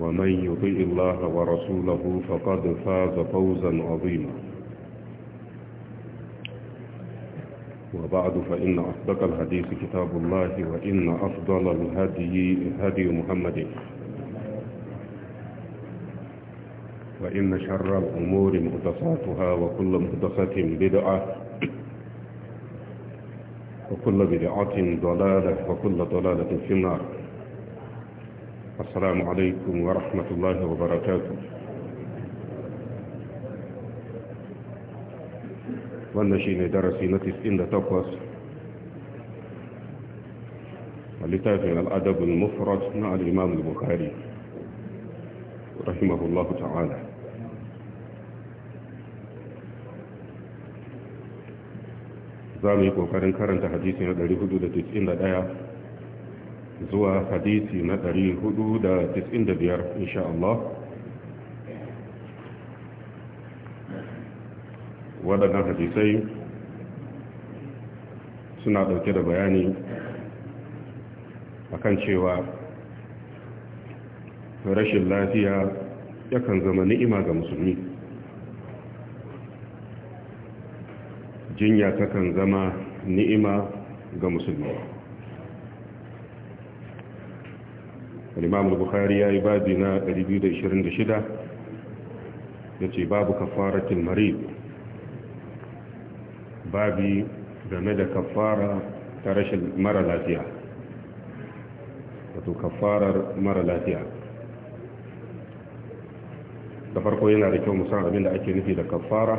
ومن يطيع الله ورسوله فقد فاز فوزا عظيما وبعد فإن أصدق الحديث كتاب الله وإن أفضل الهدي هدي محمد وإن شر الأمور مهدساتها وكل مهدسة بدعة وكل بدعة ضلالة وكل ضلالة في النار السلام عليكم ورحمة الله وبركاته wannan shi ne darasi na 98 a littafin al'adabin mufrat na al'imam bukari rahimahullahu ta'ala za mu yi ƙoƙarin karanta hadisi na 491 zuwa hadisi na 495 insha Allah waɗannan hadisai suna ɗauke da bayani akan cewa rashin lafiya yakan zama ni'ima ga musulmi jinya takan zama ni'ima ga musulmi al-imam ya yi babi na 226 ce babu kafaratul marid babi game da kafara ta rashin mara lafiya wato kafarar mara lafiya da farko yana da kyau musamman abin da ake nufi da kafara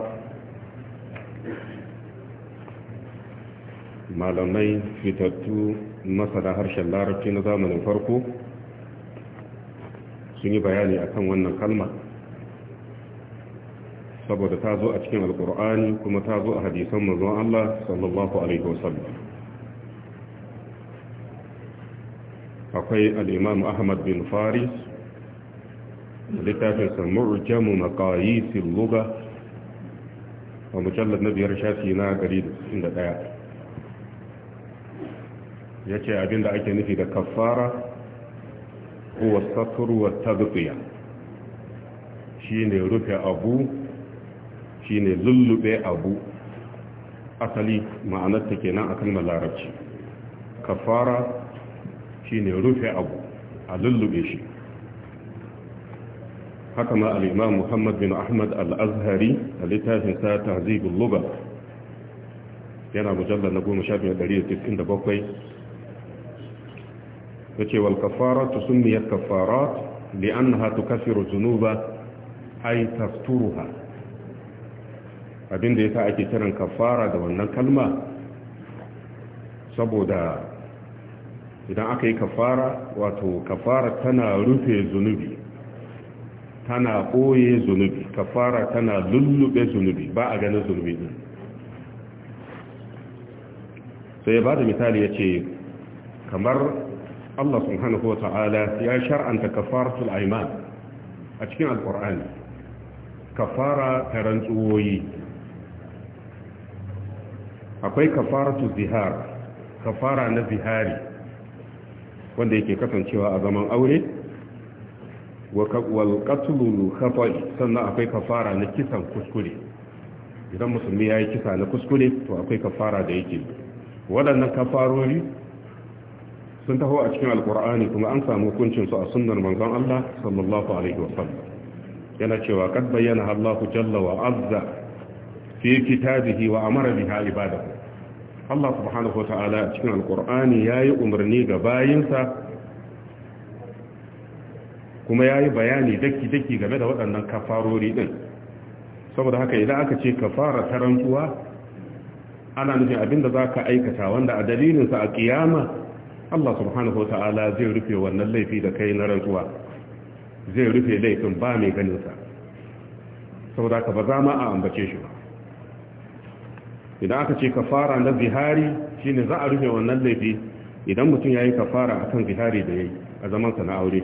malamai fitattu masana harshen larabci na zamanin farko sun yi bayani akan wannan kalma saboda ta zo a cikin alkur'ani kuma ta zo a hadisan manzon Allah sallallahu alaihi wasallam akwai alimam Ahmad bin Faris littafin sa mu'jamu maqayis al-lugha wa na biyar shafi na 161 yace abinda ake nufi da kaffara huwa satur wa shi ne rufe abu shi ne lullube abu asali ma'anar ta kenan akan malarabci kafara ne rufe abu a lullube shi haka ma al-imam Muhammad bin Ahmad al-Azhari a littafin sa tahzibul lugha yana mujallar na 10 shafin 197 يتي والكفارة تسمي الكفارات لأنها تكفر الزنوبة أي تفترها أبين دي تأتي ترن كفارة دوانا كلمة سبو دا إذا أكي كفارة واتو كفارة تنا رفي الزنوبي تنا قوي الزنوبي كفارة تنا للب الزنوبي با أغن الزنوبي سيبادي مثال يتي كمر Allah subhanahu wa ta'ala ya shar'anta kafaratul aiman a cikin alkur'ani kafara ta rantsuwoyi akwai kafaratul zihar kafara na zihari wanda yake kasancewa a zaman aure wal qatlul khata'i sannan akwai kafara na kisan kuskure idan musulmi ya yi kisa na kuskure to akwai kafara da yake waɗannan kafarori sun taho a cikin alkur'ani kuma an samu hukuncin su a sunnar manzon Allah sallallahu alaihi sallam. yana cewa kad bayyana Allah jalla wa azza fi kitabihi wa amara biha ibadahu Allah subhanahu ta'ala a cikin alkur'ani yayi umarni ga bayinsa kuma yayi bayani daki daki game da waɗannan kafarori din saboda haka idan aka ce kafara tarantuwa ana nufin abinda zaka aikata wanda a dalilinsa a kiyama Allah subhanahu wa ta'ala zai rufe wannan laifi da kai na rantsuwa zai rufe laifin ba mai ganinsa saboda ka ba za a ambace shi ba idan aka ce kafara na zihari shine za a rufe wannan laifi idan mutum ya yi kafara akan zihari da ya yi a zamansa na aure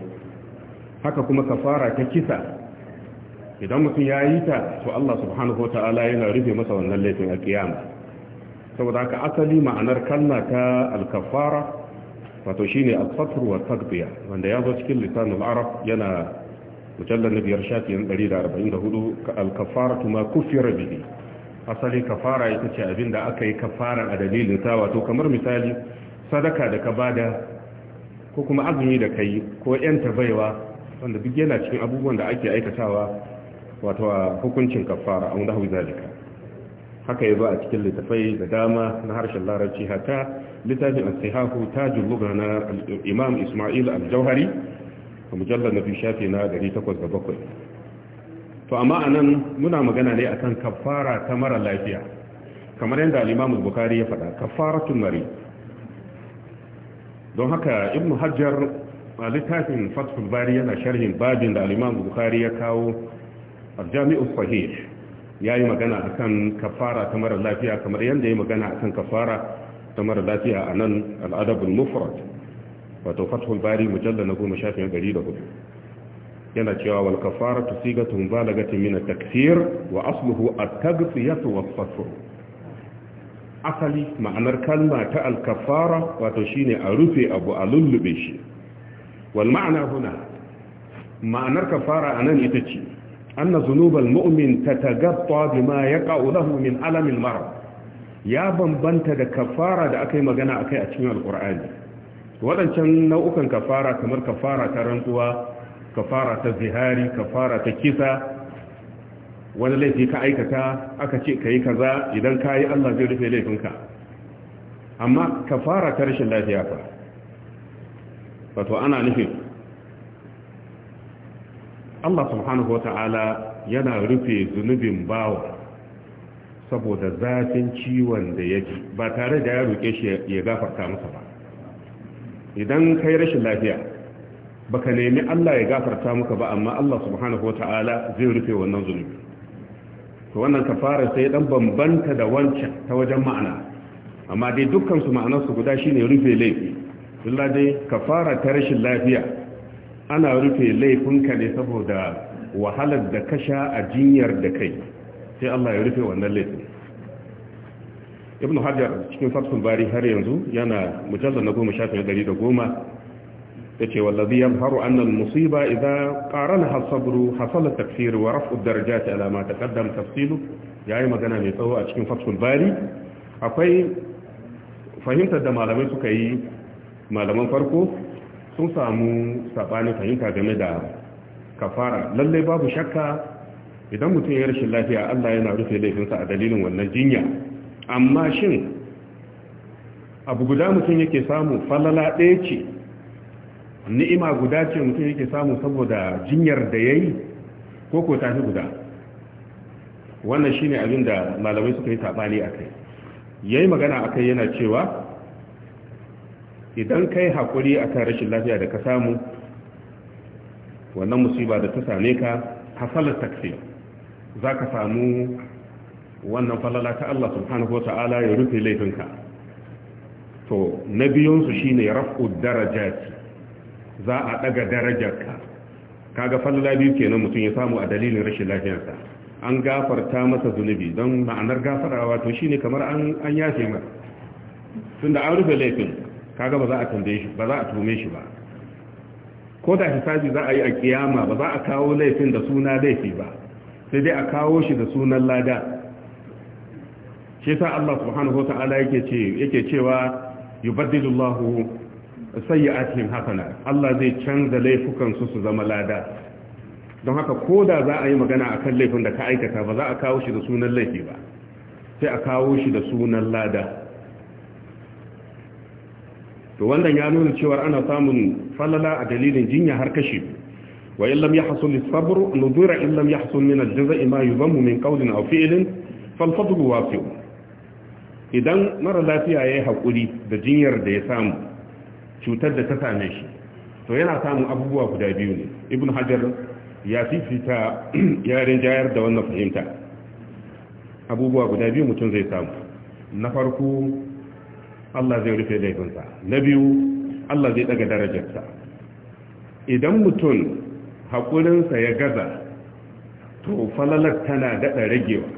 haka kuma kafara ta kisa idan mutum ya yi ta to Allah subhanahu wata'ala yana rufe masa wannan laifin a kiyama saboda ka asali ma'anar kalla ta alkafara wato shine ne fatr wa taqdiya wanda ya zo cikin lisanul arab yana mujallar na biyar shafiyan 144 al-kafaratu ma kufira bihi asali kafara ita ce abinda aka yi kafara a dalilin ta wato kamar misali sadaka da ka bada ko kuma azumi da kai ko yan baiwa wanda duk yana cikin abubuwan da ake aikatawa wato a hukuncin kafara a wanda hau zalika haka ya zo a cikin littafai da dama na harshen larabci hata littafin al-sihahu tajul lugha na imam isma'il al-jauhari a mujallar na shafi na 807 to amma anan muna magana ne akan kafara ta mara lafiya kamar yadda al-imam al ya faɗa kafaratul mari don haka ibnu hajjar a littafin fathul bari yana sharhin babin da al-imam ya kawo al-jami'u sahih ya yi magana a kan kafara ta mara lafiya kamar yadda ya magana a kan kafara ta mara lafiya a nan al'adabin mufrat wato fathul bari mujallar na goma shafin gari da hudu yana cewa wal kafara ta siga tun balagatin mina taksir wa asluhu a tagfiyatu wa fasur asali ma'anar kalma ta alkafara wato shine a rufe abu a lullube shi wal ma'ana huna ma'anar kafara a nan ita ce anna zunubal mu'min tatagatta bima yaqa'u lahu min alamin mara ya bambanta da kafara da aka yi magana akai a cikin alkur'ani waɗancan nau'ukan kafara kamar kafara ta rantsuwa kafara ta zihari kafara ta kisa wani laifi ka aikata aka ce ka yi kaza idan ka yi allah zai rufe laifinka amma kafara ta rashin lafiya fa wato ana nufi. Allah subhanahu wata'ala yana rufe zunubin bawa saboda zafin ciwon da yake ba tare da ya roƙe shi ya gafarta masa ba idan kai rashin lafiya baka nemi Allah ya gafarta muka ba amma Allah subhanahu wata'ala zai rufe wannan zunubi to wannan kafara sai dan bambanta da wancan ta wajen ma'ana amma dai dukkan su ma'anar su guda shine rufe laifi illa dai kafara ta rashin lafiya ana rufe laifinka ne saboda wahalar da ka sha a jinyar da kai sai Allah ya rufe wannan laifin ibn hajar cikin fathul bari har yanzu yana mujallal na goma shafin da goma ya ce wallazi ya faru annal musiba idan ƙaran hasabru hasala tafsir wa rafu darajati ala ma taqaddam tafsilu yayi magana mai tsawo a cikin fathul bari akwai fahimtar da malamai suka yi malaman farko sun samu saɓanin fahimta game da kafara lallai babu shakka idan mutum ya rashin lafiya Allah yana rufe laifinsa a dalilin wannan jinya amma shin abu guda mutum yake samu falala ɗaya ce ni'ima guda ce mutum yake samu saboda jinyar da ya yi ko ko tafi guda wannan shine abin da malamai suka yi saɓani a kai ya yi magana a kai yana cewa idan kai hakuri akan rashin lafiya da ka samu wannan musiba da ta same ka hasalar taksir za ka samu wannan falala ta Allah subhanahu wa ta'ala ya rufe laifinka to na biyunsu shi ne rafu darajati za a daga darajarka kaga falala biyu kenan mutum ya samu a dalilin rashin lafiyarsa an gafarta masa zunubi don ma'anar gafarawa to ne kamar an yafe ma tunda an rufe laifin kaga ba za a tambaye shi ba za a tume shi ba ko da hisabi za a yi a kiyama ba za a kawo laifin da suna laifi ba sai dai a kawo shi da sunan lada shi sa Allah subhanahu wa ta'ala yake ce yake cewa yubaddilullahu sayyi'atihim hasana Allah zai canza laifukan su su zama lada don haka ko da za a yi magana akan laifin da ka aikata ba za a kawo shi da sunan laifi ba sai a kawo shi da sunan lada to wannan ya nuna cewa ana samun falala a dalilin jinya har kashi wa in lam yahsul as-sabr nudira in lam yahsul min al-jazai ma yuzammu min qawlin aw fi'lin fal fadlu wasi'un idan mara lafiya yayi hakuri da jinyar da ya samu cutar da ta same shi to yana samun abubuwa guda biyu ne ibn hajar ya fifita yaren jayar da wannan fahimta abubuwa guda biyu mutum zai samu na farko Allah zai rufe laifinsa na biyu Allah zai daga darajarsa idan mutum haƙurinsa ya gaza to falalar tana daɗa ragewa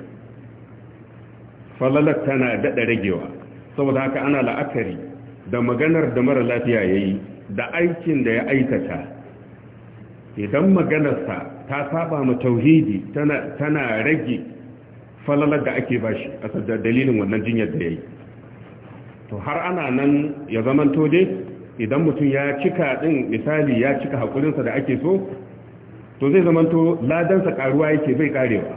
falalar tana daɗa ragewa saboda haka ana la'akari da maganar da mara lafiya ya yi da aikin da ya aikata idan maganarsa ta saba ma tauhidi tana rage falalar da ake bashi a dalilin wannan jinyar da ya yi to har ana nan ya zaman toje idan mutum ya cika din misali ya cika hakurinsa da ake so to zai zaman to ladansa karuwa yake bai karewa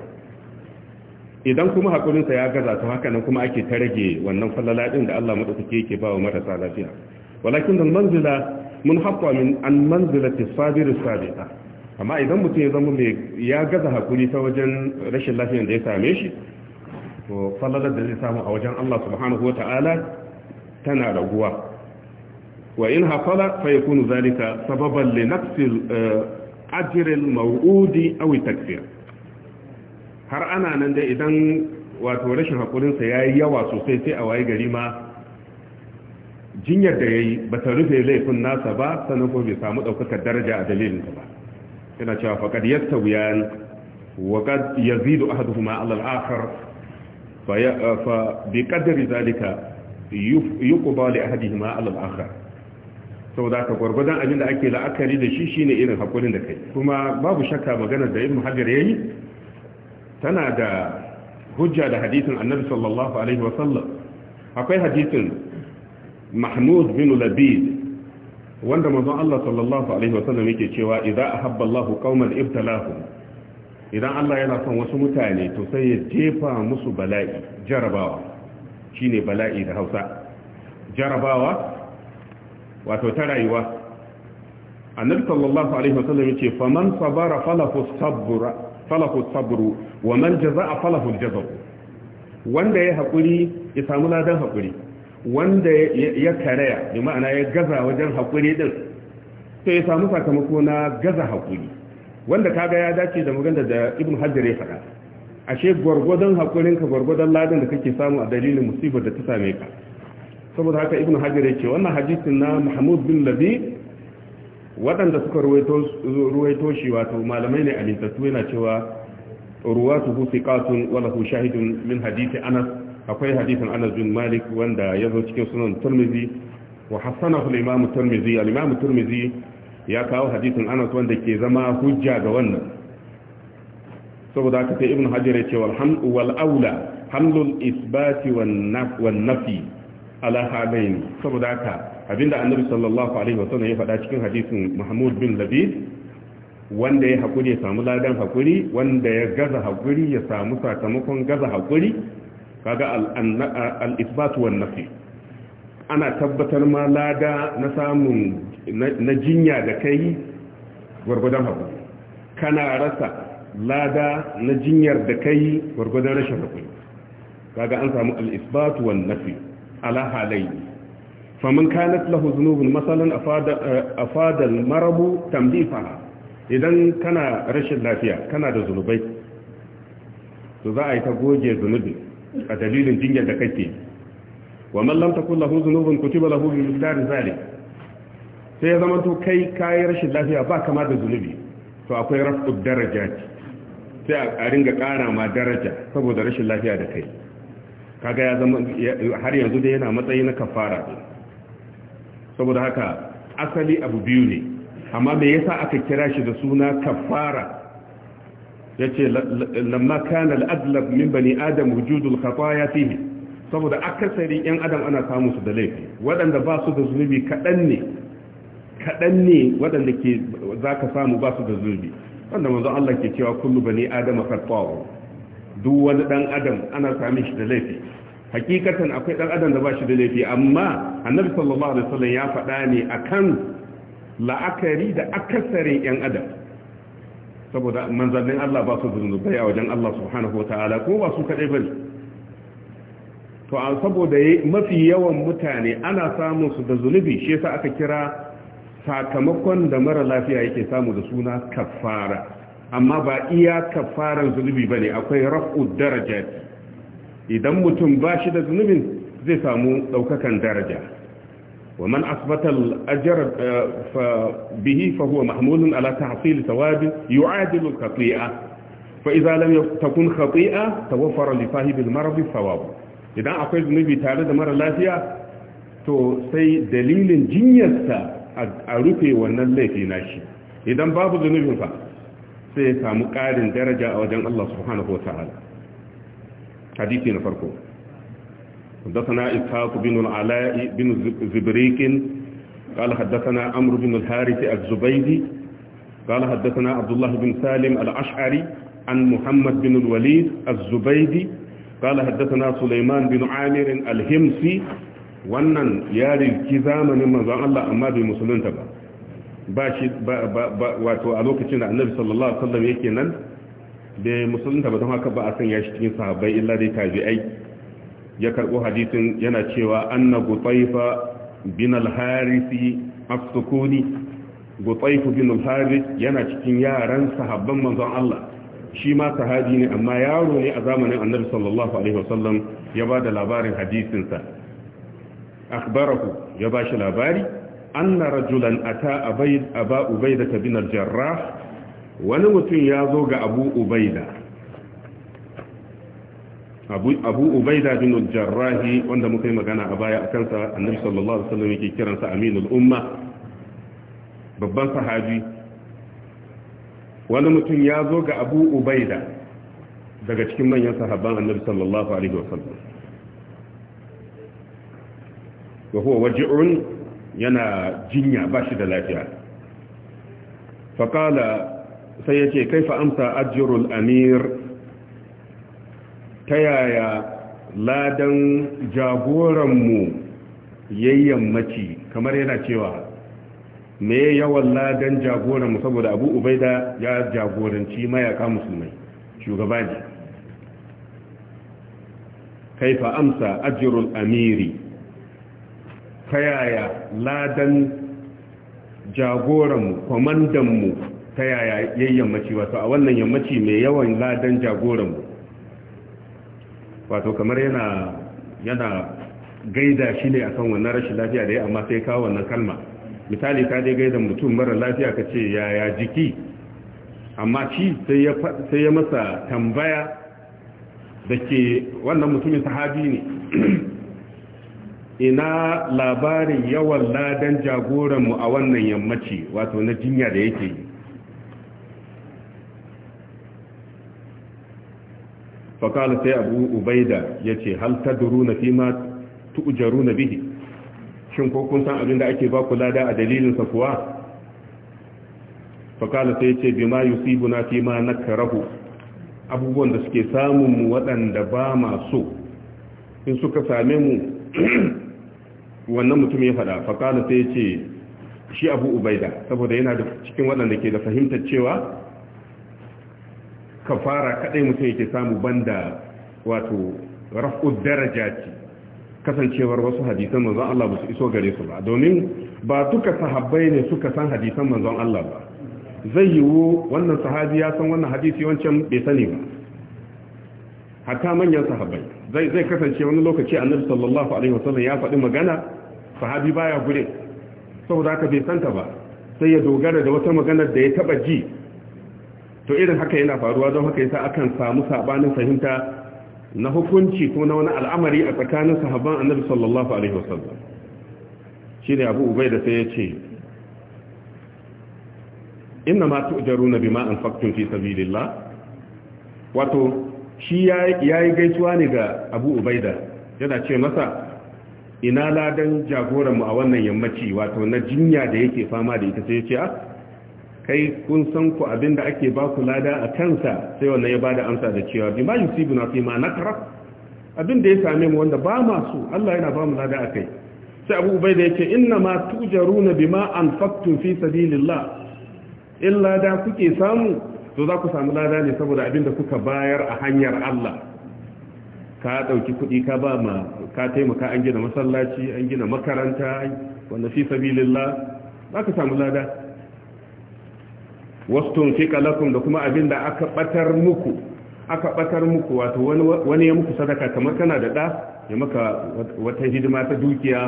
idan kuma hakurinsa ya gaza to haka nan kuma ake ta rage wannan falala din da Allah madaukake yake ba wa marasa lafiya walakin dal manzila mun haqqa min an manzilati sabir sabita amma idan mutum ya zama mai ya gaza hakuri ta wajen rashin lafiyar da ya same shi to fallalar da zai samu a wajen Allah subhanahu wataala tana raguwa wa in hafala fa yakunu zalika sababan li naqsil eh, ajr al maw'udi aw takfir har ana nan da idan wato rashin hakurin sa yayi yawa sosai sai a waye gari ma jinyar da yayi bata rufe laifin nasa ba sanan ko bai samu daukakar daraja a dalilin ba yana cewa faqad yastawiyan wa qad yazidu ahaduhuma ala al-akhar fa bi qadri zalika yuqba li ahadihima ala al-akhar saboda ka gurgurdan abin da ake la'akari da shi shine irin haƙurin da kai kuma babu shakka maganar da Ibn ya yayi tana da hujja da hadisin Annabi sallallahu alaihi wa sallam akwai hadisin Mahmud bin Labid wanda manzon Allah sallallahu alaihi wa sallam yake cewa idza ahabba Allahu qauman idan Allah yana son wasu mutane to sai ya jefa musu bala'i jarabawa shine bala'i da hausa jarabawa wato ta rayuwa annabi sallallahu alaihi wasallam yace faman sabara falahu sabra falahu sabru wa man jazaa falahu aljazaa wanda ya hakuri ya samu ladan hakuri wanda ya karaya bi ma'ana ya gaza wajen hakuri din to ya samu sakamako na gaza hakuri wanda kaga ya dace da magana da ibn hajar ya faɗa ashe gwargwadon haƙurinka gwargwadon ladan da kake samu a dalilin musibar da ta same ka saboda haka ibn hajar yake wannan hadisin na mahmud bin labi waɗanda suka ruwaito shi wato malamai ne amintattu yana cewa ruwatu hu siqatun wala lahu shahidun min hadisi anas akwai hadisin anas bin malik wanda ya zo cikin sunan turmizi wa hassana al limamu turmizi turmizi ya kawo hadisin anas wanda ke zama hujja ga wannan saboda haka sai ibn hajar ya ce wal aula hamlul isbati wan nafi ala hadaini saboda haka abinda annabi sallallahu alaihi wasallam ya faɗa cikin hadisin mahmud bin labid wanda ya hakuri ya samu ladan hakuri wanda ya gaza hakuri ya samu sakamakon gaza hakuri kaga al isbat wan nafi ana tabbatar ma lada na samun na jinya da kai gwargwadon hakuri kana rasa lada na jinyar da kai gwargwadon rashin hakuri kaga an samu al-isbat wan nafi ala halayn faman kanat lahu dhunubun masalan a afada eh, al-marabu tamdifaha idan kana rashin lafiya kana da zunubai to za a yi ta goge zunubi a dalilin jinyar da kake wa man lam takul lahu ku kutiba lahu bi misdar zalik sai ya zama to kai kai rashin lafiya ba kama da zunubi to akwai raf'ud darajati sai a ringa ƙara ma daraja saboda rashin lafiya da kai kaga ya zama har yanzu dai yana matsayi na kafara saboda haka asali abu biyu ne amma me yasa aka kira shi da suna kafara yace lamma kana al-adlab min bani adam al-khataya fihi saboda akasari yan adam ana samu su da laifi waɗanda ba su da zunubi kaɗan ne kaɗan ne waɗanda ke zaka samu ba su da zunubi wanda manzo Allah ke cewa kullu bani adama khata'u duk wani dan adam ana sami shi da laifi hakikatan akwai dan adam da ba shi da laifi amma annabi sallallahu alaihi wasallam ya faɗa ne akan la'akari da akasarin yan adam saboda manzannin Allah ba su zunubai a wajen Allah subhanahu wataala ko ba su kadai bane to saboda mafi yawan mutane ana samun su da zunubi shi yasa aka kira sakamakon da mara lafiya yake samu da suna kafara amma ba iya kafaran zunubi ba ne akwai raf'ud daraja idan mutum ba shi da zunubin zai samu ɗaukakan daraja wa man asbatal eh, fa bihi fa huwa mahmulun ala tahsil thawabi yu'adilu khati'a fa idza lam takun khati'a tawaffara li sahibil marad thawab idan akwai zunubi tare da mara lafiya to sai dalilin jinyarsa a rufe wannan laifi na shi idan babu zunubin fa sai ya samu ƙarin daraja a wajen Allah subhanahu wa ta'ala hadithi na farko haddasana ishaku bin al'ala'i bin zibrikin قال حدثنا أمر بن الهارث الزبيدي قال حدثنا عبد الله بن سالم الأشعري عن bin بن الوليد الزبيدي قال حدثنا سليمان بن عامر الهمسي wannan ya riki zamanin manzon Allah amma bai musulunta ba ba shi ba wato a lokacin da annabi sallallahu alaihi wasallam yake nan bai musulunta ba don haka ba a sanya shi cikin sahabbai illa dai tabi'ai ya karbo hadisin yana cewa anna gutaifa bin al-harisi as-sukuni gutaifu bin al-haris yana cikin yaran sahabban manzon Allah shi ma sahabi ne amma yaro ne a zamanin annabi sallallahu alaihi wasallam ya ba da labarin hadisinsa akhbarahu ya ba shi labari an anna rajulan a ta aba ubaida ta binar jarrah wani mutum ya zo ga abu ubaida abu ubaida ubayda bin al-jarrah wanda muka yi magana a baya a kansa annabi sallallahu alaihi wasallam yake kiransa aminul umma babban sahabi wani mutum ya zo ga abu ubaida daga cikin manyan sahabban annabi sallallahu alaihi wasallam wa huwa waji'un yana jinya ba shi da lafiya Fakala sai yace kaifa amsa ajrul amir ta yaya ladan jagoranmu yammaci? kamar yana cewa me yawan ladan jagoranmu saboda abu ubaida ya jagoranci mayaka musulmai shugaba ne kaifa amsa ajrul amiri ta yaya ladan jagoranmu kwamandanmu ta yaya yayin yammaci wato a wannan yammaci mai yawan ladan jagoranmu wato kamar yana yana gaida shi ne akan wannan rashin lafiya da ya amma sai kawo wannan kalma misali ka dai gaida mutum mara lafiya ka ce yaya jiki amma shi sai ya masa tambaya da ke wannan mutumin sahabi ne ina labarin yawan ladan jagoranmu a wannan yammaci wato na jinya da yake yi fakala sai abu ubaida ya ce haltaduru na fi ma tu'ujaru na bihi shin ko kun san abin da ake ba ku lada a dalilinsa kuwa fakala sai ce bi ma yusibu na fi ma na karahu abubuwan da suke samun mu waɗanda ba ma so in suka same mu wannan mutum ya faɗa faƙala sai ce shi abu ubaida saboda yana da cikin waɗanda ke da fahimtar cewa kafara kaɗai mutum yake samu banda wato raf'ud darajati kasancewar wasu hadisan manzon Allah ba su iso gare su ba domin ba duka sahabbai ne suka san hadisan manzon Allah ba zai yiwu wannan sahabi ya san wannan hadisi wancan bai sani ba hatta manyan sahabbai zai kasance wani lokaci annabi sallallahu alaihi wasallam ya faɗi magana sahabi baya gure saboda haka bai santa ba sai ya dogara da wata magana da ya taba ji to irin haka yana faruwa don haka yasa akan samu sabanin fahimta na hukunci ko na wani al'amari a tsakanin sahabban annabi sallallahu alaihi wasallam shine abu ubai da sai ya ce inna ma tu'jaruna bima anfaqtum fi sabilillah wato shi ya yi gaisuwa ne ga abu ubaida yana ce masa ina ladan jagoranmu a wannan yammaci wato na jinya da yake fama da ita sai ce a ah, kai kun san ku abin da ake ba ku lada a kansa sai wannan ya ba da amsa da cewa bi ma yusibu na fi ma abin da ya same mu wanda ba masu, Allah yana ba mu lada a kai sai abu ubaida ce inna ma tujaruna bima anfaqtum fi sabilillah illa da kuke samu to za ku samu lada ne saboda abin da kuka bayar a hanyar Allah ka ɗauki kuɗi ka ba ma ka taimaka an gina masallaci an gina makaranta wanda fi sabilillah za ka samu lada wastun fi kalakum da kuma abin da aka batar muku aka batar muku wato wani ya muku sadaka kamar kana da ɗa ya maka wata hidima ta dukiya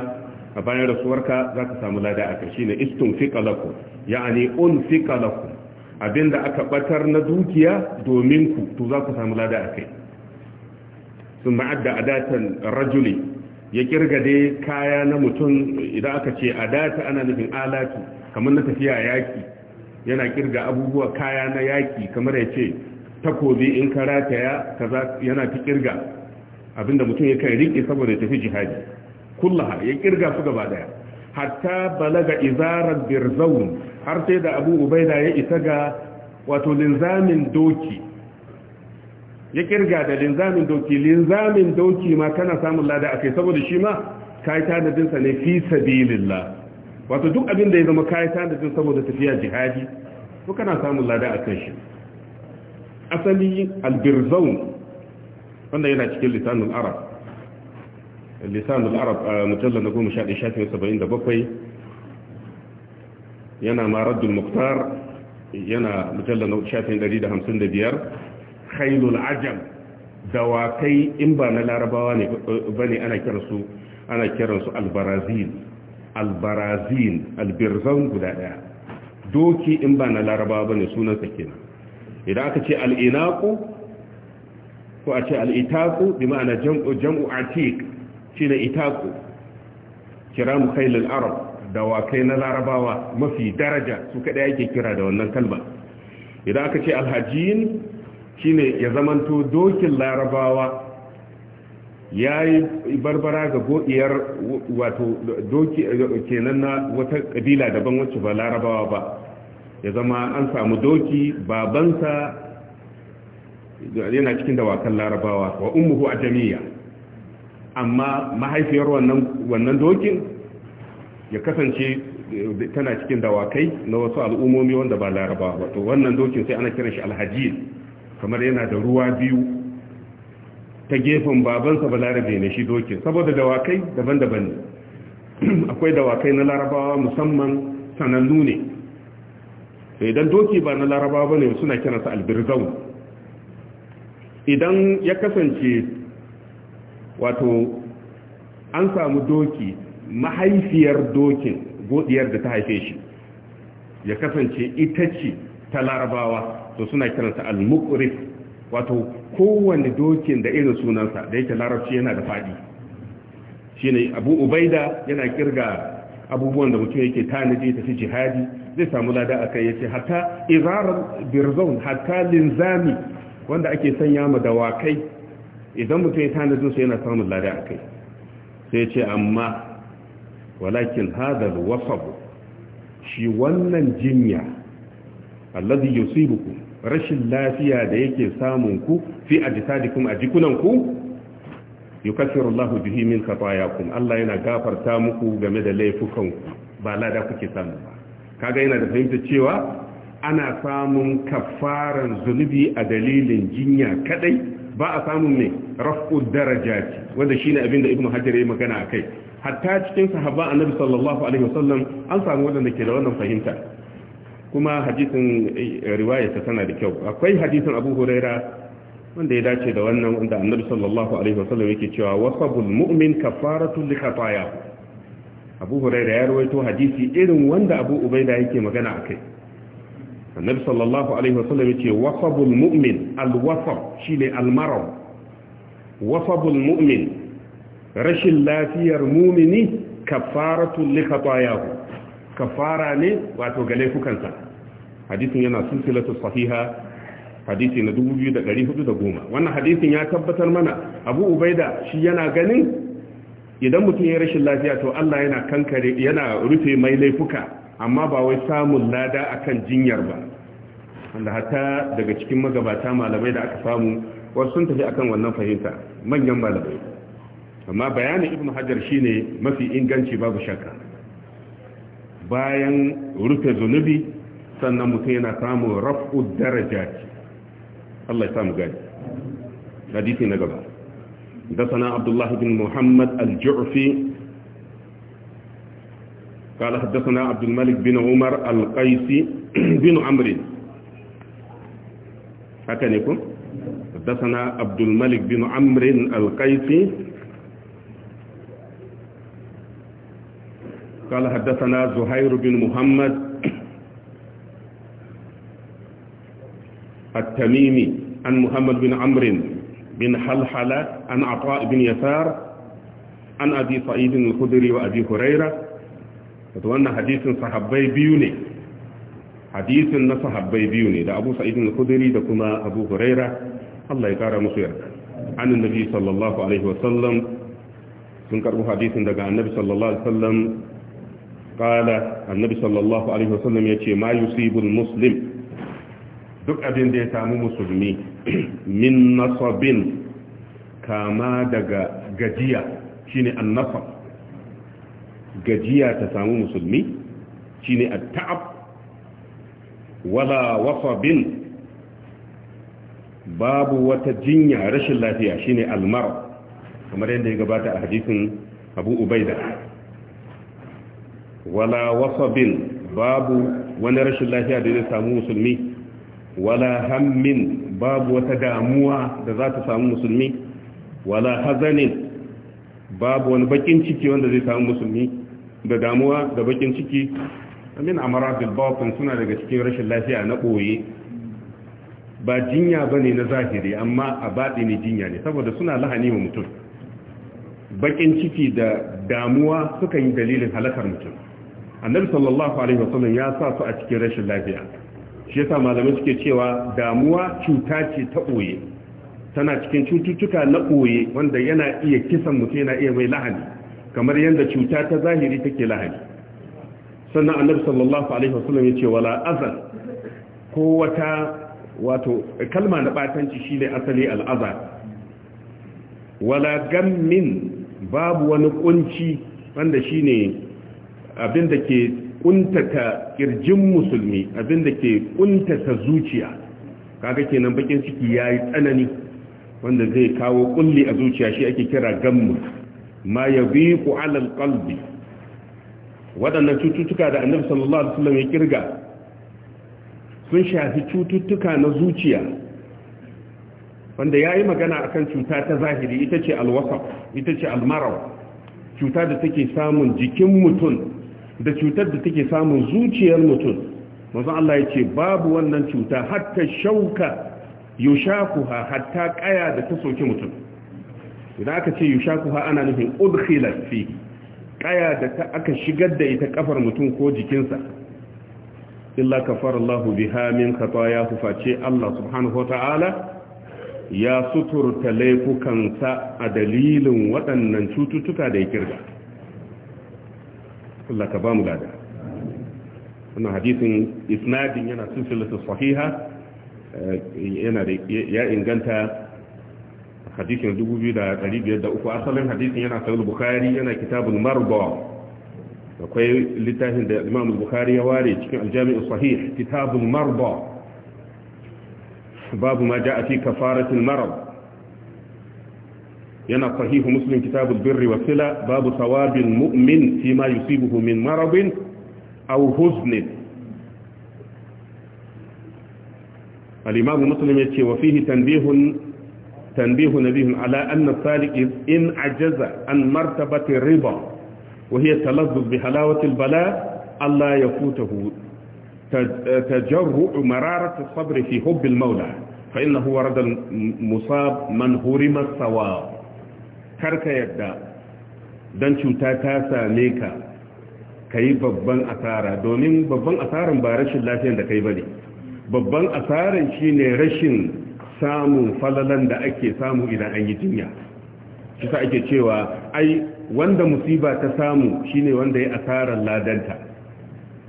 a bayan rasuwarka za ka samu lada a kashi ne istun fi kalakum ya'ani un fi kalakum abinda aka batar na dukiya domin ku to za ku samu lada a kai sun ma'adda adatan rajuli ya kirgade kaya na mutum idan aka ce adata ana nufin alatu kamar na tafiya yaki yana kirga abubuwa kaya na yaki kamar ya ce takobi in karata ya kaza yana ta kirga abinda mutum ya kai rike saboda ya tafi jihadi kullaha ya kirga su gaba daya hatta balaga izarar birzaun har sai da abu ubaida ya isa ga wato linzamin doki ya kirga da linzamin doki linzamin doki ma kana samun lada a kai saboda shi ma kayi tanadinsa ne fi sabilillah wato duk abin da ya zama kayi tanadin saboda tafiya jihadi ko kana samun lada a akan shi asali albirzaun wanda yana cikin lisanul arab lisanul arab mujallal na 11 shafi 77 yana ma muktar yana mujallar shafin 155 khailul ajam dawakai in ba na larabawa ne ba ne ana kiransu ana kiransu albarazin albarazin albirzan guda daya doki in ba na larabawa ba ne, sunansa kenan idan aka ce al'inaku ko a ce al'itaku bi ma'ana jam'u Atik atiq shine itaku kiramu khailul arab dawakai na larabawa mafi daraja su kada yake kira da wannan kalba idan aka ce alhajiyin ne ya zamanto dokin larabawa ya yi barbara ga godiyar wato doki kenan na wata kabila daban wacce ba larabawa ba ya zama an samu doki babansa yana cikin dawakan larabawa wa umuhu a jami'a amma mahaifiyar wannan dokin ya kasance eh, tana cikin dawakai na wasu al'ummomi wanda ba laraba wato wannan dokin sai ana kiran shi alhaji kamar yana da ruwa biyu ta gefen babansa ba larabe ne shi dokin saboda dawakai daban-daban ne akwai dawakai na larabawa musamman sanannu ne idan doki ba na larabawa ba ne suna kiransa albirzaun idan ya kasance wato an samu doki mahaifiyar dokin godiyar da ta haife shi ya kasance ita ce ta larabawa to suna kiransa al-muqrif wato kowanne dokin da irin sunansa da yake larabci yana da fadi shine abu ubaida yana kirga abubuwan da mutum yake tanadi fi jihadi zai samu lada akai yace hatta izar birzaun hatta linzami wanda ake sanya ma dawakai idan mutum ya tanaji su yana samun lada a kai sai ce amma walakin hadal wasabu shi wannan jinya allazi yusibukum rashin lafiya da yake samun ku fi ajsadikum a jikunanku yukaffiru Allahu bihi min khatayakum Allah yana gafarta muku game da laifukanku ba lada kuke samu ba kaga yana da fahimtar cewa ana samun kafaran zunubi a dalilin jinya kadai ba a samun ne raf'u darajati wanda shine abin da Ibn Hajar ya magana akai hatta cikin sahabba annabi sallallahu alaihi wasallam an samu wadanda ke da wannan fahimta kuma hadisin eh, riwaya ta tana da kyau akwai hadisin Abu Huraira wanda ya dace da wannan wanda annabi sallallahu alaihi wasallam yake cewa wasabul mu'min kafaratu li khataya Abu Huraira ya rawaito hadisi irin wanda Abu Ubaida yake magana akai annabi sallallahu alaihi wasallam yace wasabul mu'min al-wasab shine al-marad wasabul mu'min rashin lafiyar mumini kafaratun li khatayahu kafara ne wato ga laifukansa hadisin yana silsilatu sahiha hadisi na 2410 wannan hadisin ya tabbatar mana Abu Ubaida shi yana ganin idan mutum ya rashin lafiya to Allah yana kankare yana rufe mai laifuka amma ba wai samun lada akan jinyar ba wanda hatta daga cikin magabata malamai da aka samu wasu sun tafi akan wannan fahimta manyan malamai amma bayani ibn hajar shine mafi inganci babu shakka bayan rufe zunubi sannan mutum yana samun raf'u darajati Allah ya samu gani hadisi na gaba da sana abdullahi bin muhammad al-ju'fi قال حدثنا عبد الملك بن عمر القيسي بن عمرو هكذا يكون حدثنا عبد الملك بن عمرو القيسي قال حدثنا زهير بن محمد التميمي عن محمد بن عمرو بن حلحلة عن عطاء بن يسار عن أبي سعيد الخدري وأبي هريرة وأن حديث صحابي بيوني حديث صحابي بيوني ده أبو سعيد الخدري ده كما أبو هريرة الله يكرم مصير عن النبي صلى الله عليه وسلم sun karbi hadisin daga annabi sallallahu alaihi wasallam qala annabi sallallahu alaihi wasallam yace ma yusibul muslim duk abinda ya samu musulmi min nasabin kama daga gajiya shine annasab gajiya ta samu musulmi shine at wala wasabin babu wata jinya rashin lafiya shine almar kamar yadda ya gabata a hadisin Abu Ubaida wala wasabin babu wani rashin lafiya da zai samu musulmi wala hammin babu wata damuwa da za ta samu musulmi wala hazanin babu wani bakin ciki wanda zai samu musulmi da damuwa da bakin ciki amin amara bilbaukun suna daga cikin rashin lafiya na ɓoye ba jinya ba ne na zahiri amma a baɗi ne jinya ne saboda suna lahani wa mutum bakin ciki da damuwa sukan yi dalilin halakar mutum annabi sallallahu alaihi wasallam ya sa su a cikin rashin lafiya shi yasa malamai suke cewa damuwa cuta ce ta ɓoye tana cikin cututtuka na ɓoye wanda yana iya kisan mutum yana iya mai lahani kamar yadda cuta ta zahiri take lahani sannan annabi sallallahu alaihi wasallam ya ce wala azan ko wata wato kalma na batanci shine asali al'azar wala gammin babu wani kunci wanda shine abinda ke kuntata kirjin musulmi abinda ke kuntata zuciya kaga kenan bakin ciki yayi tsanani wanda zai kawo kulli a zuciya shi ake kira gammu ma yabiqu ala alqalbi waɗannan cututtuka da annabi sallallahu alaihi wasallam ya kirga sun shafi cututtuka na zuciya wanda yayi yi magana akan cuta ta zahiri ita ce alwasaf ita ce almarau cuta da take samun jikin mutum da cutar da take samun zuciyar mutum manzo Allah ya ce babu wannan cuta hatta shauka yushakuha hatta kaya da ta soke mutum idan aka ce yushakuha ana nufin udkhilat fi kaya da ta aka shigar da ita kafar mutum ko jikinsa illa kafarallahu biha min fa face Allah subhanahu wataala ya suturta laifukansa a dalilin waɗannan cututtuka da ya kirga Allah ka ba mu lada wannan hadisin isnadin yana silsilatu sahiha yana da ya inganta hadisin 2503 asalin hadisin yana sahih bukhari yana kitabul marba akwai littafin da Imam bukhari ya ware cikin al-Jami' sahih kitabul marba babu ma ja'a fi kafaratil marad yana sahihu muslim kitabul birri wa sila babu thawabil mu'min fi ma yusibuhu min maradin aw huznin al-imam muslim yace wa fihi tanbihun tanbihu nabihun ala anna salik in ajaza an martabati riba وهي التلذذ بحلاوة البلاء ألا يفوته تجرع مرارة الصبر في حب المولى فإنه ورد المصاب من هرم الثواب karka yadda don cuta ta same ka ka yi babban asara domin babban asaran ba rashin lafiyar da kai ne. babban asaran shine rashin samun falalan da ake samu idan an yi jinya shi sa ake cewa ai wanda musiba ta samu shine wanda ya asarar ladanta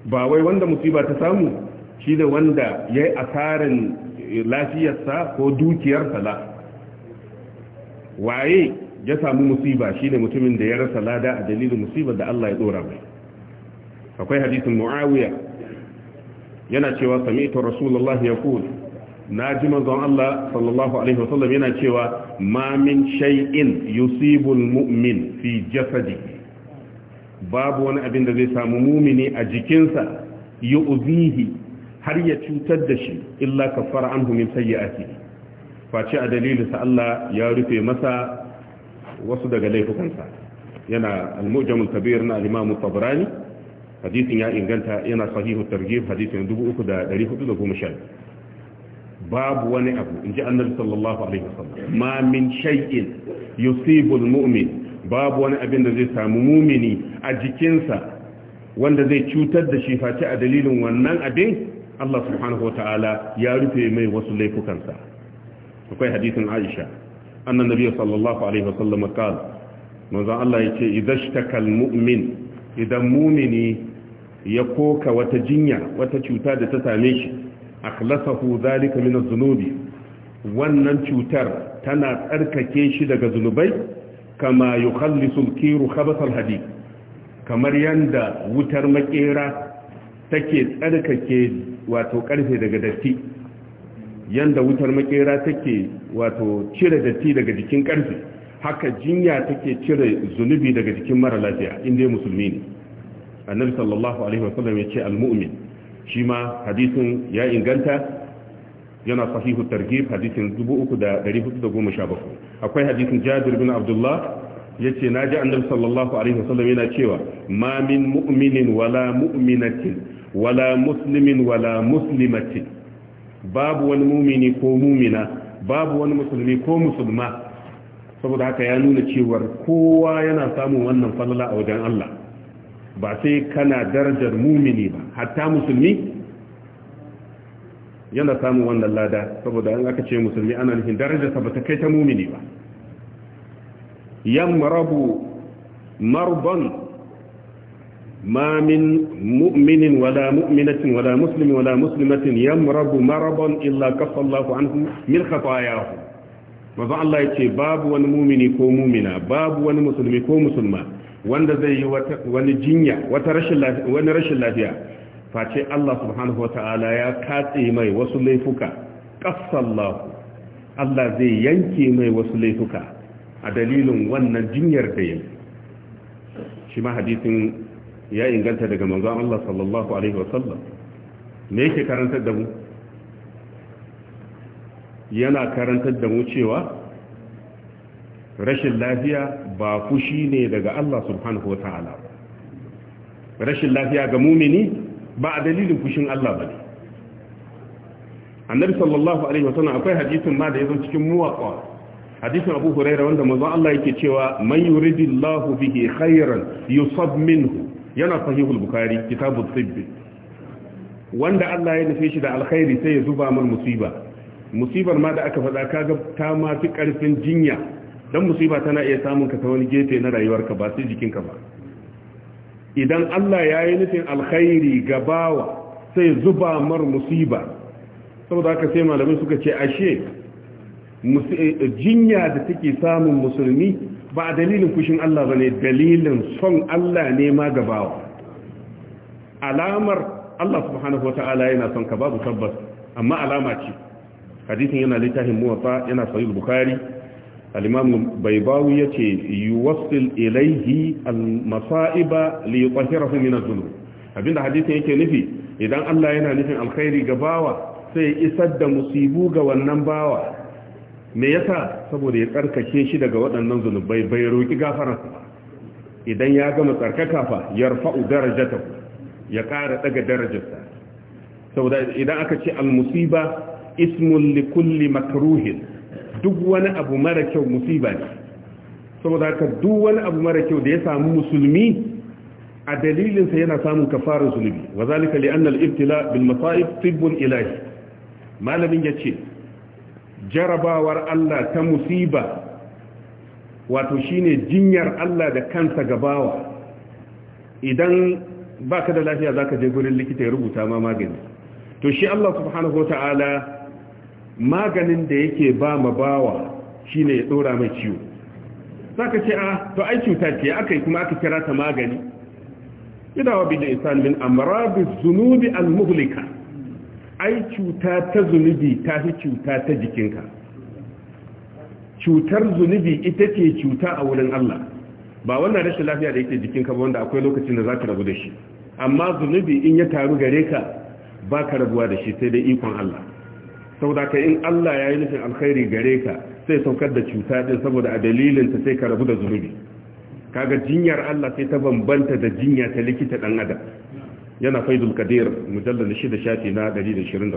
ba wai wanda musiba ta samu shine wanda ya yi asaran lafiyarsa ko dukiyarsa la waye ya samu musiba shine mutumin da ya rasa lada a dalilin musibar da Allah ya dora mai akwai hadisin muawiya yana cewa sami'tu rasulullahi yaqul naji manzon Allah sallallahu alaihi wasallam yana cewa ma min shay'in yusibu fi jasadihi babu wani abin da zai samu mumini a jikinsa yu'zihi har ya cutar da shi illa kaffara anhu min sayyi'atihi face a dalilinsa Allah ya rufe masa wasu daga laifukansa yana al-mujamul kabir na al-imam tabrani hadisin ya inganta yana sahihu targhib hadisin 3410 babu wani abu inji annabi sallallahu alaihi wasallam ma min shay'in yusibu al-mu'min babu wani abin da zai samu mumini a jikinsa wanda zai cutar da shi face a dalilin wannan abin Allah subhanahu wa ta'ala ya rufe mai wasu laifukansa akwai hadisin Aisha أن النبي sallallahu alaihi عليه وسلم قال Allah yace ce idashtakal mu'min idan mumini ya koka wata jinya wata cuta da ta same shi akhlasahu zalika min az-zunubi wannan cutar tana tsarkake shi daga zunubai kama yukhallisu kiru khabath al kamar yanda wutar makera take tsarkake wato karfe daga datti yanda wutar makera take wato cire datti daga jikin karfe haka jinya take cire zunubi daga jikin mara lafiya inda ya musulmi ne annabi sallallahu alaihi wasallam ya ce almu'min shi ma hadisin ya inganta yana sahihu targhib hadisin 3417 akwai hadisin jabir bin abdullah yace naji annabi sallallahu alaihi wasallam yana cewa ma min mu'minin wala mu'minatin wala muslimin wala muslimatin babu wani mumini ko mumina babu wani musulmi ko musulma saboda haka ya nuna cewar kowa yana samun wannan falala a wajen Allah ba sai kana darajar mumini ba hatta musulmi yana samun wannan lada saboda an aka ce musulmi ana nufin darajarsa ba ta kai ta mumini ba yan marabu marban ما من مؤمن ولا مؤمنة ولا مسلم ولا مسلمة يمرض مرضا إلا كفى الله عنه من خطاياه maza Allah yace babu wani mumini ko mumina babu wani musulmi ko musulma wanda zai yi wani jinya wani rashin lafiya face Allah subhanahu wata'ala ya katse mai wasu laifuka ƙasallahu Allah zai yanke mai wasu laifuka a dalilin wannan jinyar da yi shi hadisin ya inganta daga manzon Allah sallallahu alaihi wasallam me yake karantar da mu yana karantar da mu cewa rashin lafiya ba fushi ne daga Allah subhanahu wata'ala rashin lafiya ga mumini ba a dalilin fushin Allah ba ne annabi sallallahu alaihi wasallam akwai hadisin ma da yazo cikin muwaqqa hadisin Abu Hurairah wanda manzo Allah yake cewa man yuridillahu bihi khairan yusab minhu yana sahihul bukari kitabut tibbi wanda Allah ya nufi shi da alkhairi sai ya zuba mun musiba musibar ma da aka faɗa kaga ta ma fi ƙarfin jinya dan musiba tana iya samun ka ta wani gefe na rayuwarka ba sai jikinka ba idan Allah ya yi nufin alkhairi ga bawa sai zuba mar musiba saboda haka sai malamai suka ce ashe jinya da take samun musulmi ba a dalilin kushin Allah ba ne dalilin son Allah ne ma gabawa alamar Allah subhanahu wa ta'ala yana son ka babu tabbas amma alama ce hadisin yana littafin muwafa yana sahih bukhari al-imam baybawi yace yuwassil ilayhi al-masa'iba li yutahhirahu min adh-dhunub abinda hadisin yake nufi idan Allah yana nufin alkhairi ga bawa sai isar da musibu ga wannan bawa me yasa saboda ya tsarkake shi daga waɗannan zunubai bai roƙi gafararsa ba idan ya gama tsarkaka fa yarfa'u darajatahu ya ƙara daga darajarsa saboda idan aka ce almusiba, ismun li kulli makruhin duk wani abu mara kyau musiba ne saboda duk wani abu mara kyau da ya samu musulmi a dalilinsa yana samun kafarar zunubi wa zalika li al-ibtila bil masa'ib tibbun ilahi malamin yace jarabawar Allah ta musiba wato shine jinyar Allah da kansa gabawa idan baka da lafiya zaka je gurin likita ya rubuta ma magani to shi Allah subhanahu wataala maganin da yake ba ma bawa shine ya dora mai ciwo zaka ce a ah, to ai cuta ce akai kuma aka kira ta magani idawa bil insan min amradiz zunubi al muhlika ai cuta ta zunubi ta fi cuta ta jikinka cutar zunubi ita ce cuta a wurin Allah ba wannan rashin lafiya da yake jikinka ba wanda akwai lokacin da za ka rabu da shi amma zunubi in ya taru gare ka ba ka rabuwa da shi sai dai ikon Allah saboda ka in Allah ya yi nufin alkhairi gare ka sai saukar da cuta din saboda a dalilin ta sai ka rabu da zunubi kaga jinyar Allah sai ta bambanta da jinya ta likita dan adam yana faidul kadir mujallar na shida shafi na 124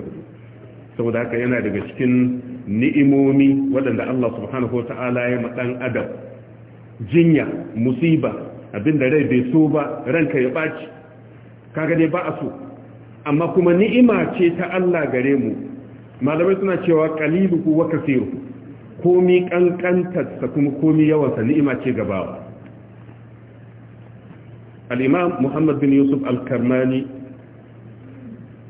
saboda haka yana daga cikin ni'imomi waɗanda Allah subhanahu wa ta'ala ya ɗan adam jinya musiba abinda rai bai so ba ranka ya ɓaci kaga dai ba a so amma kuma ni'ima ce ta Allah gare mu malamai suna cewa qaliluhu wa kasiru komi kankantarsa kuma komi yawansa ni'ima ce gabawa al'imam muhammad bin yusuf al-karmani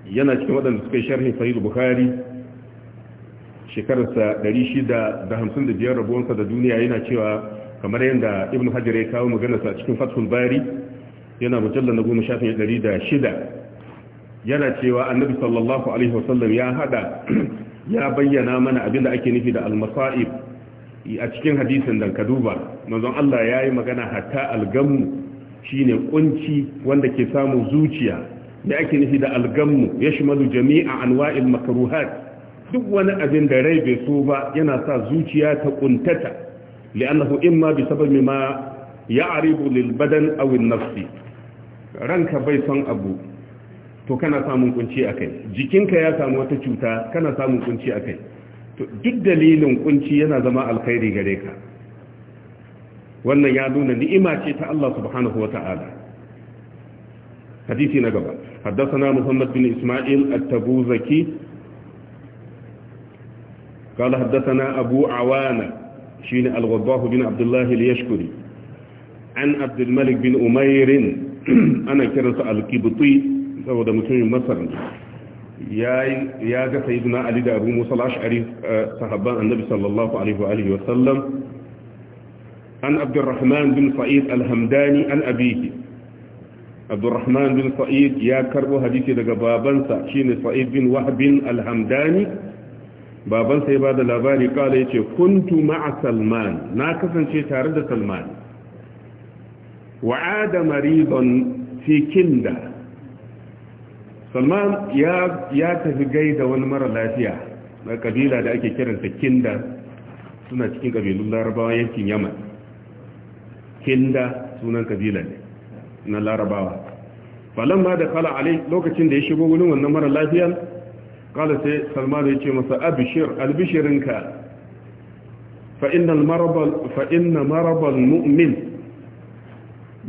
yana cikin waɗanda suka yi sharhin sahih bukhari shekararsa 655 rabuwansa da duniya yana cewa kamar yadda ibn hajar ya kawo maganarsa a cikin fathul bari yana mujallar na goma shafin 106 yana cewa annabi sallallahu alaihi wasallam ya hada ya bayyana mana abinda ake nufi da al a cikin hadisin dan ka duba manzon Allah ya yi magana hatta al shine kunci wanda ke samu zuciya da ake nufi da algammu ya shimalu jami'a anwa'il makaruhat duk wani abin da rai bai so ba yana sa zuciya ta kuntata li'annahu imma bi sababi ma ya'ribu lil badan aw an nafsi ranka bai son abu to kana samun kunci akai jikinka ya samu wata cuta kana samun kunci akai to duk dalilin kunci yana zama alkhairi gare ka wannan ya nuna ni'ima ce ta Allah subhanahu wa ta'ala hadisi na gaba حدثنا محمد بن إسماعيل التبوزكي قال حدثنا أبو عوانة شين الغضاه بن عبد الله ليشكري عن عبد الملك بن أمير أنا كرس الكبطي سوى دمتون مصر يا يا سيدنا علي دا أبو موسى الأشعري صحابة النبي صلى الله عليه وآله وسلم an abdurrahman bin sa'id alhamdani an abihi bin sa'id ya karbo hadisi daga babansa shine sa'id bin wahb alhamdani babansa ya bada labari kala yace kuntu ma'a salman na kasance tare da salman wa ada maridan fi kinda salman ya tafi gaida wani mara lafiya na ƙabila da ake kiransa kinda suna cikin kabilun larabawa yankin yaman kinda sunan kabila ne na larabawa falamma da kala alai lokacin da ya shigo wurin wannan mara lafiyan kala sai salmanu ya ce masa abishir albishirinka fa inna marabal mu'min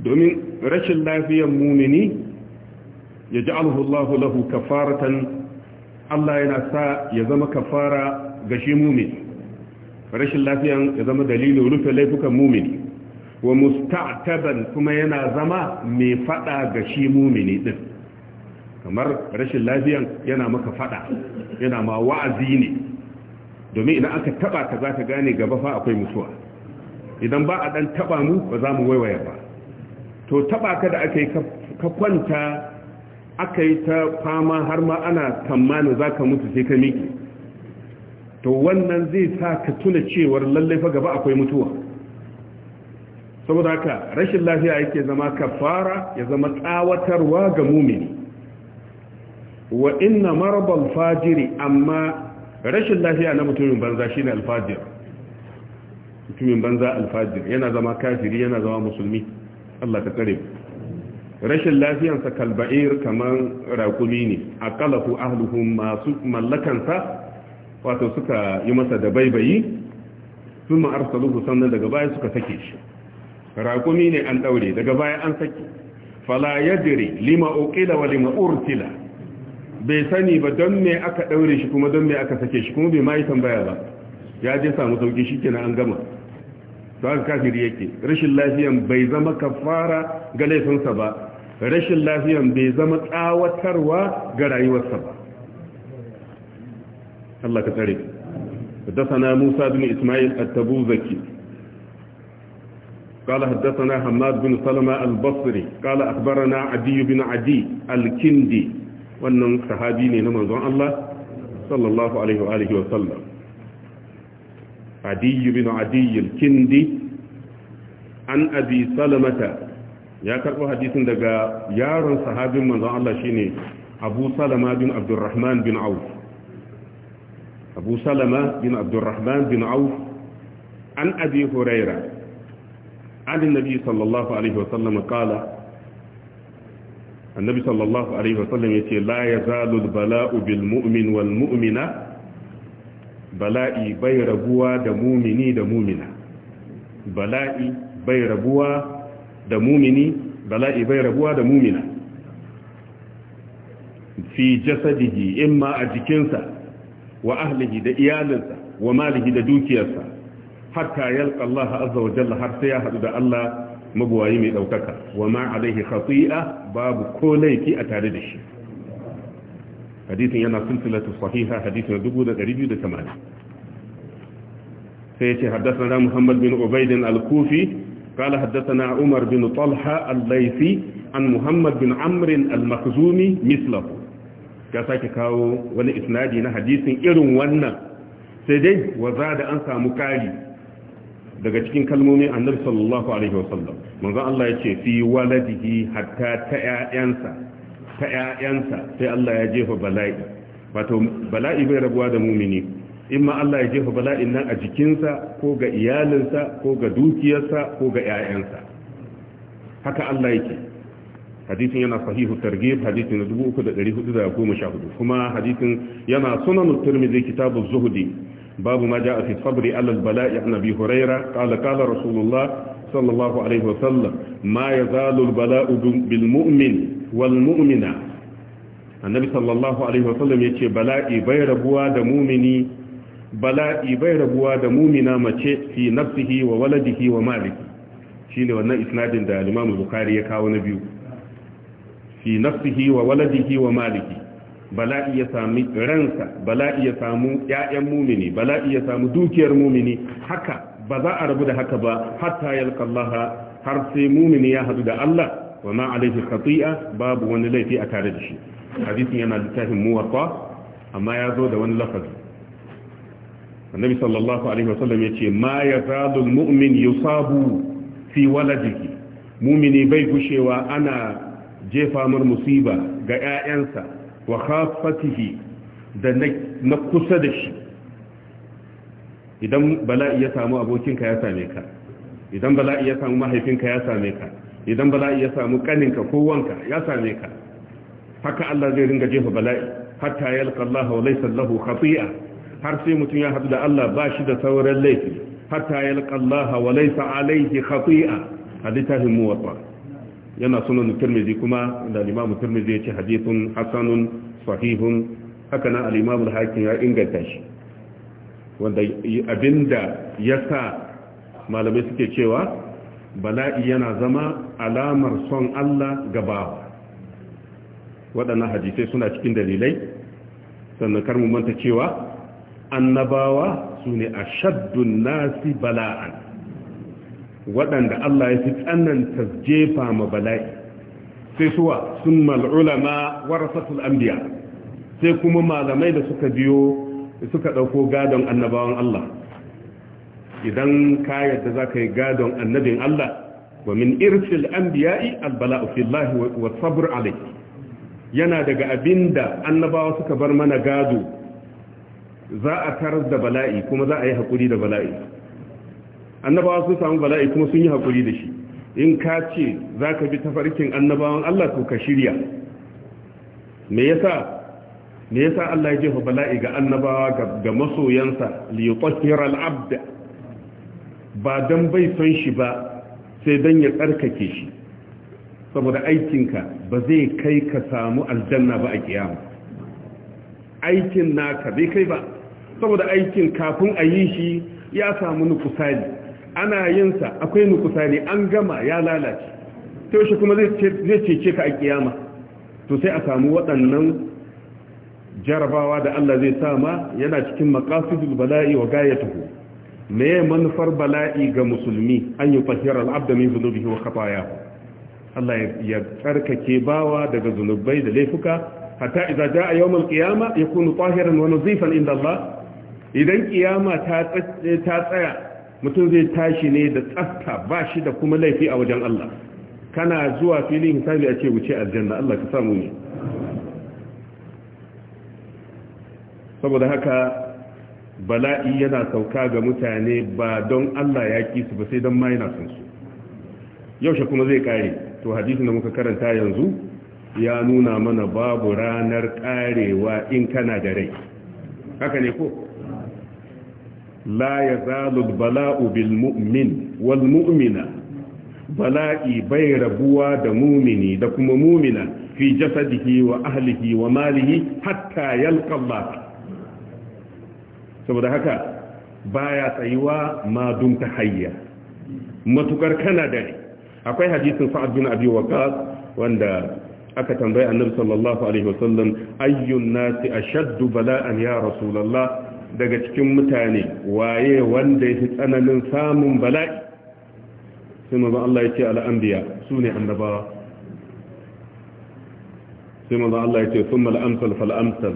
domin rashin lafiyan mumini ya ji alhullahu lahu kafaratan Allah yana sa ya zama kafara ga shi rashin lafiyan ya zama dalilin rufe laifukan mumini wa musta'taban kuma yana zama mai fada ga shi mumini din kamar rashin lafiyan yana maka fada yana ma wa'azi ne domin idan aka taba ka za ka gane gaba fa akwai mutuwa idan ba a dan taba mu ba za mu waiwaya ba to taba ka da aka yi ka kwanta aka yi ta fama har ma ana tamani za ka mutu sai ka miki to wannan zai sa ka tuna cewar lallai fa gaba akwai mutuwa saboda haka rashin lafiya yake zama kafara ya zama tsawatarwa ga mumini wa inna marabal fajiri amma rashin lafiya na mutumin banza shine alfajir mutumin banza alfajir yana zama kafiri yana zama musulmi Allah ta kare rashin lafiyansa kalba'ir kamar raƙumi ne aqalahu ahluhum masu mallakansa wato suka yi masa da baibayi sun ma'arsaluhu sannan daga baya suka sake shi raƙumi ne an ɗaure daga baya an saki fala ya yadiri lima oƙila wa lima urtila bai sani ba don me aka ɗaure shi kuma don me aka sake shi kuma bai ma yi tambaya ba ya je samu sauki kenan an gama to haka kafiri yake rashin lafiyan bai zama kafara ga laifinsa ba rashin lafiyan bai zama tsawatarwa ga rayuwarsa ba Allah ka tsare Musa bin Isma'il إسماعيل التبوذكي قال حدثنا حماد بن سلمة البصري قال أخبرنا عدي بن عدي الكندي وأنه صحابيني نمزون الله صلى الله عليه وآله وسلم عدي بن عدي الكندي عن أبي سلمة يا كربو حديث دقا يارن صحابي من الله شيني أبو سلمة بن عبد الرحمن بن عوف أبو سلمة بن عبد الرحمن بن عوف عن أبي هريرة عن النبي صلى الله عليه وسلم قال النبي صلى الله عليه وسلم يتي لا يزال البلاء بالمؤمن والمؤمنة بلائي بي ربوا دمومني دمومنا بلائي بي ربوا دمومني بلائي بي ربوا دمومنا في جسده إما أجكنسا وأهله دا إيالنسا وماله دا دوكيسا hatta yalqa Allah azza wa jalla har sai ya hadu da Allah magwayi mai daukaka wa ma alaihi khati'a babu ko laifi a tare da shi hadisin yana silsilatu sahiha hadisin 2280 sai yace haddathana Muhammad bin Ubayd al-Kufi umar bin عمر al طلحة الليثي muhammad bin بن al المخزومي مثله ya sake kawo wani isnadi na hadisin irin wannan sai dai wa da an samu kari daga cikin kalmomi annabi sallallahu alaihi wasallam manzo Allah yace fi waladihi hatta ta ƴaƴansa ta ƴaƴansa sai Allah ya jefa bala'i wato bala'i bai rabuwa da mumini imma Allah ya jefa bala'in nan a jikinsa ko ga iyalinsa ko ga dukiyarsa ko ga ƴaƴansa haka Allah yake hadisin yana sahihu targhib hadisin na 3414 kuma hadisin yana sunan turmizi kitabu zuhudi babu ma ja'a fi sabri alal bala'i an abi huraira qala qala rasulullah sallallahu alaihi wasallam ma yazalu al bala'u bil mu'min wal mu'mina annabi sallallahu alaihi wasallam yace bala'i bai rabuwa da mu'mini da mu'mina mace fi nafsihi wa waladihi wa maliki wannan isnadin da al-imam bukhari ya kawo na biyu fi nafsihi wa waladihi wa maliki bala'i ya sami ransa bala'i ya samu ƴaƴan mumini bala'i ya samu dukiyar mumini haka ba za a rabu da haka ba hatta yalqallaha har sai mumini ya hadu da Allah wa ma alaihi khati'a babu wani laifi a tare da shi hadisin yana littafin muwatta amma ya zo da wani lafazi annabi sallallahu alaihi wasallam yace ma yazalu almu'min yusabu fi waladihi mumini bai gushewa ana jefa mar musiba ga ƴaƴansa wa khafatihi da na kusa da shi idan bala'i ya samu abokinka ya same ka idan bala'i ya samu mahaifinka ya same ka idan bala'i ya samu kaninka ko wanka ya same ka haka Allah zai ringa jefa bala'i hatta yalqa Allah wa laysa lahu khati'a har sai mutum ya hadu da Allah ba shi da sauran laifi hatta yalqa Allah wa laysa alayhi khati'a hadithahu muwatta yana sunan tirmizi kuma da limamu tirmizi ya ce hadithun hasanun sahihun haka nan alimamu hakim ya inganta shi wanda abinda ya sa malamai suke cewa bala'i yana zama alamar son Allah gaba bawa waɗannan hadisai suna cikin dalilai sannan kar mu manta cewa annabawa su ne a shaddun nasi bala'an waɗanda Allah ya fi tsananta jefa ma bala'i sai suwa sun mal'ulama warasatul anbiya sai kuma malamai da suka biyo suka ɗauko gadon annabawan Allah idan ka yadda za ka yi gadon annabin Allah wa min irsil anbiya'i albala'u fillahi wa sabr alayhi yana daga abinda annabawa suka bar mana gado za a tarar da bala'i kuma za a yi haƙuri da bala'i annabawa sun samu bala'i kuma sun yi hakuri da shi in ka ce za ka bi tafarkin annabawan Allah to ka shirya me yasa me Allah ya jefa bala'i ga annabawa ga masoyansa li yutahhira al ba dan bai son shi ba sai dan ya tsarkake shi saboda aikinka ba zai kai ka samu aljanna ba a kiyama aikin naka bai kai ba saboda aikin kafin a yi shi ya samu nukusali ana yin sa akwai nukusani an gama ya lalace ta yaushe kuma zai cece ka a kiyama to sai a samu waɗannan jarabawa da Allah zai sa ma yana cikin maqasidul bala'i wa gayatuhu me manufar bala'i ga musulmi an yi fahira al'abda min zunubihi wa khataya Allah ya tsarkake bawa daga zunubai da laifuka hatta idza jaa yawmul qiyamah yakunu tahiran wa nadhifan inda Allah idan kiyama ta tsaya mutum zai tashi ne da tsafta ba shi da kuma laifi a wajen Allah kana zuwa filin hisabi a ce wuce aljanna Allah ka samu ne saboda haka bala'i yana sauka ga mutane ba don Allah ya ki su ba sai don ma yana son su yaushe kuma zai kare to hadisin da muka karanta yanzu ya nuna mana babu ranar karewa in kana da rai haka ne ko la ya zalul bala'u bil mu'min wal mu'mina bala'i bai rabuwa da mumini da kuma mumina fi jasadihi wa ahlihi wa malihi hatta yalqa saboda haka baya tsayuwa ma ta hayya matukar kana dare akwai hadisin sa'ad bin abi wanda aka tambaye annabi sallallahu alaihi wasallam ayyun nasi ashaddu bala'an ya rasulullah daga cikin mutane waye wanda ya fi tsananin samun bala'i sai mazan Allah ya ce al'ambiya su ne annabawa sai mazan Allah ya ce sun mal'amsal fal'amsal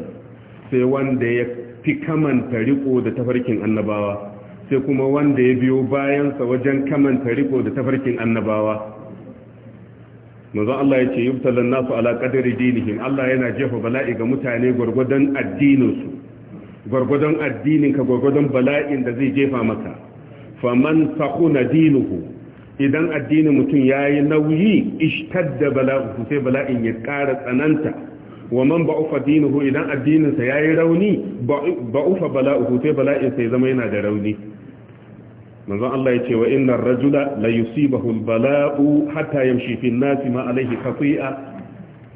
sai wanda ya fi kamanta riko da tafarkin annabawa sai kuma wanda ya biyo bayansa wajen kamanta riko da tafarkin annabawa mazan Allah ya ce yi yubtalan nasu ala qadri dinihim Allah yana jefa bala'i ga mutane gurgudan addininsu gwargwadon addininka gwargwadon bala'in da zai jefa maka faman sakuna dinuhu idan addinin mutum ya yi nauyi da bala'uhu sai bala'in ya ƙara tsananta wa man ba'ufa dinuhu idan addininsa ya yi rauni ba'ufa bala'uhu sai bala'insa ya zama yana da rauni manzon Allah ya ce wa innar rajula la yusibahu bala'u hatta yamshi fi an-nasi ma alayhi khati'a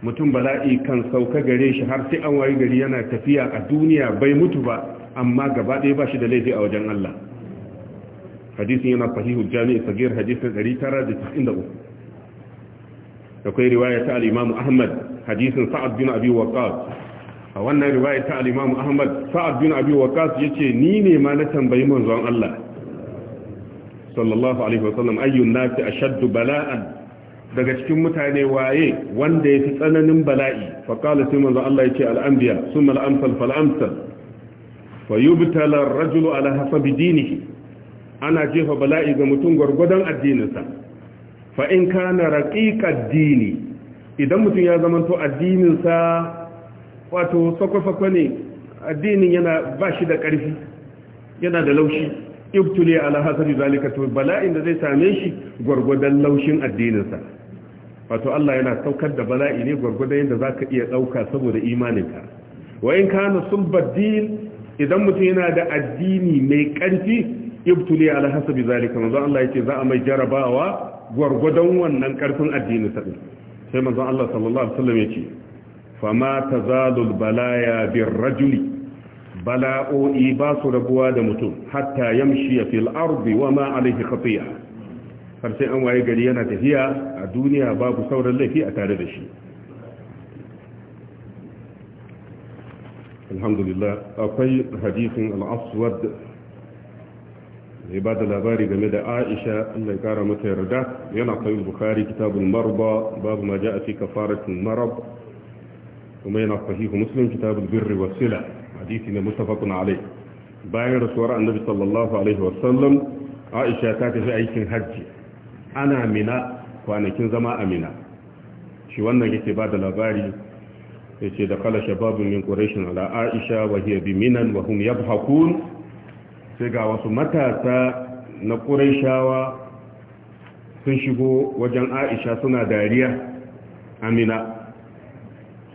mutum bala'i kan sauka gare shi har sai an wayi gari yana tafiya a duniya bai mutu ba amma gaba ɗaya ba shi da laifi a wajen Allah hadisin yana sahihul jami'i sagir hadisin 993 akwai riwaya ta Alimam Ahmad hadisin Sa'ad bin Abi Waqas. a wannan riwaya ta Alimam Ahmad Sa'ad bin Abi Waqqas yace ni ne ma na tambayi manzon Allah sallallahu alaihi wasallam ayyun nasi ashaddu bala'an daga cikin mutane waye wanda ya fi tsananin bala'i faƙala sai manzo Allah ya ce al'ambiya sun mal'amsal fal'amsal fa yi rajulu ala hasabi dinihi ana jefa bala'i ga mutum gwargwadon addininsa fa in kana raƙiƙar dini idan mutum ya zamanto addininsa wato sakwasakwa ne addinin yana ba shi da ƙarfi yana da laushi ibtuli ala hasabi zalika to bala'in da zai same shi gwargwadon laushin addininsa wato Allah yana saukar da bala'i ne gwargwadon yadda za ka iya ɗauka saboda imaninka wa in kana sun baddin idan mutum yana da addini mai ƙarfi ibtuli ala hasabi zalika manzo Allah yake za a mai jarabawa gwargwadon wannan ƙarfin addini sa sai manzo Allah sallallahu alaihi wasallam yake fama tazalul balaya bir rajuli bala'o'i ba su rabuwa da mutum hatta yamshi fil ardi wa ma alaihi khatiya har sai an waye gari yana tafiya a duniya babu sauran laifi a tare da shi alhamdulillah akwai hadisin al'aswad mai ba da labari game da aisha allai kara mata yarda yana kai bukari kitabun marba babu ma ja a fi kafaratun marab kuma yana sahihu muslim kitabul birri wasila hadisi ne mutafakun alai bayan rasuwar annabi sallallahu alaihi wasallam aisha ta tafi aikin hajji ana mina kwanakin zama a mina shi wannan yake ba da labari ya ce da kala shababin min ƙorashin ala aisha wa hiya bi minan wa hum sai ga wasu matasa na ƙorashawa sun shigo wajen aisha suna dariya amina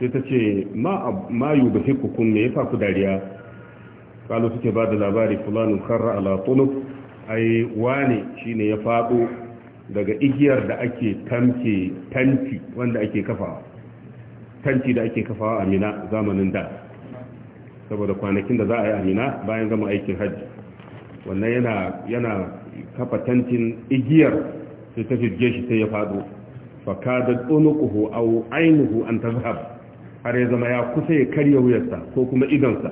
sai ta ce ma yi ba hukukun me ya ku dariya kalu suke ba da labari fulanin karra ala tunuk ai wane shine ya faɗo daga igiyar da ake tamke tanti wanda ake kafawa tanti da ake kafawa a mina zamanin da saboda kwanakin da za a yi a mina bayan gama aikin hajji wannan yana yana kafa tantin igiyar sai ta firge shi sai ya fado da unuquhu aw ainuhu an tazhab har ya zama ya kusa ya karya wuyarsa ko kuma idansa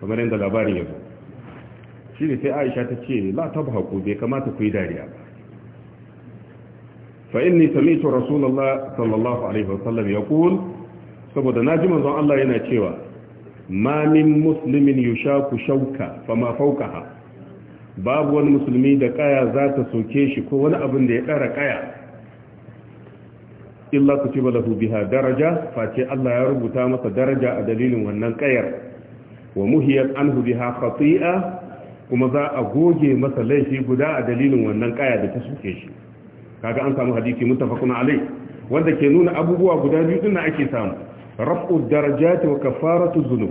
kamar yadda labarin ya zo shi ne sai aisha ta ce la tabhaku bai kamata ku yi dariya فإني سمعت رسول الله صلى الله عليه وسلم يقول saboda na ji manzon Allah yana cewa ma min muslimin yushaku shauka fama faukaha babu wani musulmi da kaya za ta soke shi ko wani abin da ya ƙara kaya illa ku ci balahu biha daraja face Allah ya rubuta masa daraja a dalilin wannan kayar wa muhiyat anhu biha khati'a kuma za a goge masa laifi guda a dalilin wannan kaya da ta soke shi kaga an samu hadisi muttafaqun alai wanda ke nuna abubuwa guda biyu din ake samu rafu darajati wa kafaratu dhunub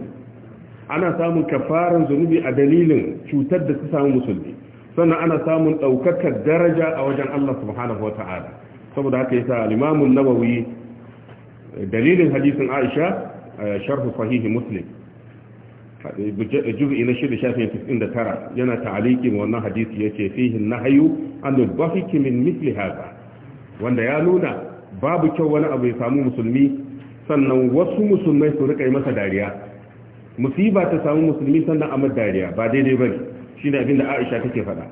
ana samun kafaran zunubi a dalilin cutar da ta samu musulmi sannan ana samun daukakar daraja a wajen Allah subhanahu wataala saboda haka yasa al-Imam an-Nawawi dalilin hadisin Aisha eh, sharh sahih Muslim juz'i na shida shafin tara yana ta'alikin wannan hadisi yace fihi nahyu an dhahiki min misli hadha wanda ya nuna babu kyau wani abu ya samu musulmi sannan wasu musulmai su rika yi masa dariya musiba ta samu musulmi sannan a dariya ba daidai bane shine abin da Aisha take faɗa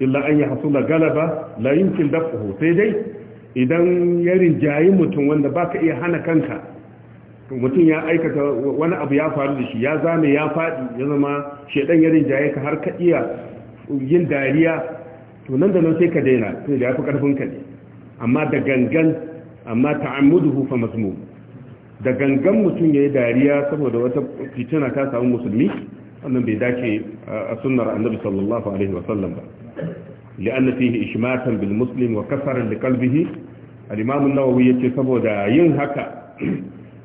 illa an hasula galaba la yumkin dafahu sai dai idan ya jayi mutum wanda baka iya hana kanka mutum ya aikata wani abu ya faru da shi ya zame ya faɗi ya zama shedan ya rinjaye ka har ka iya yin dariya to nan da nan sai ka daina to da yafi karfin ka ne amma da gangan amma ta'ammuduhu fa mazmum da gangan mutum yayi dariya saboda wata fitina ta samu musulmi wannan bai dace a sunnar annabi sallallahu alaihi wa sallam ba li'anna fihi ishmatan wa kasaran li qalbihi al-imam an yace saboda yin haka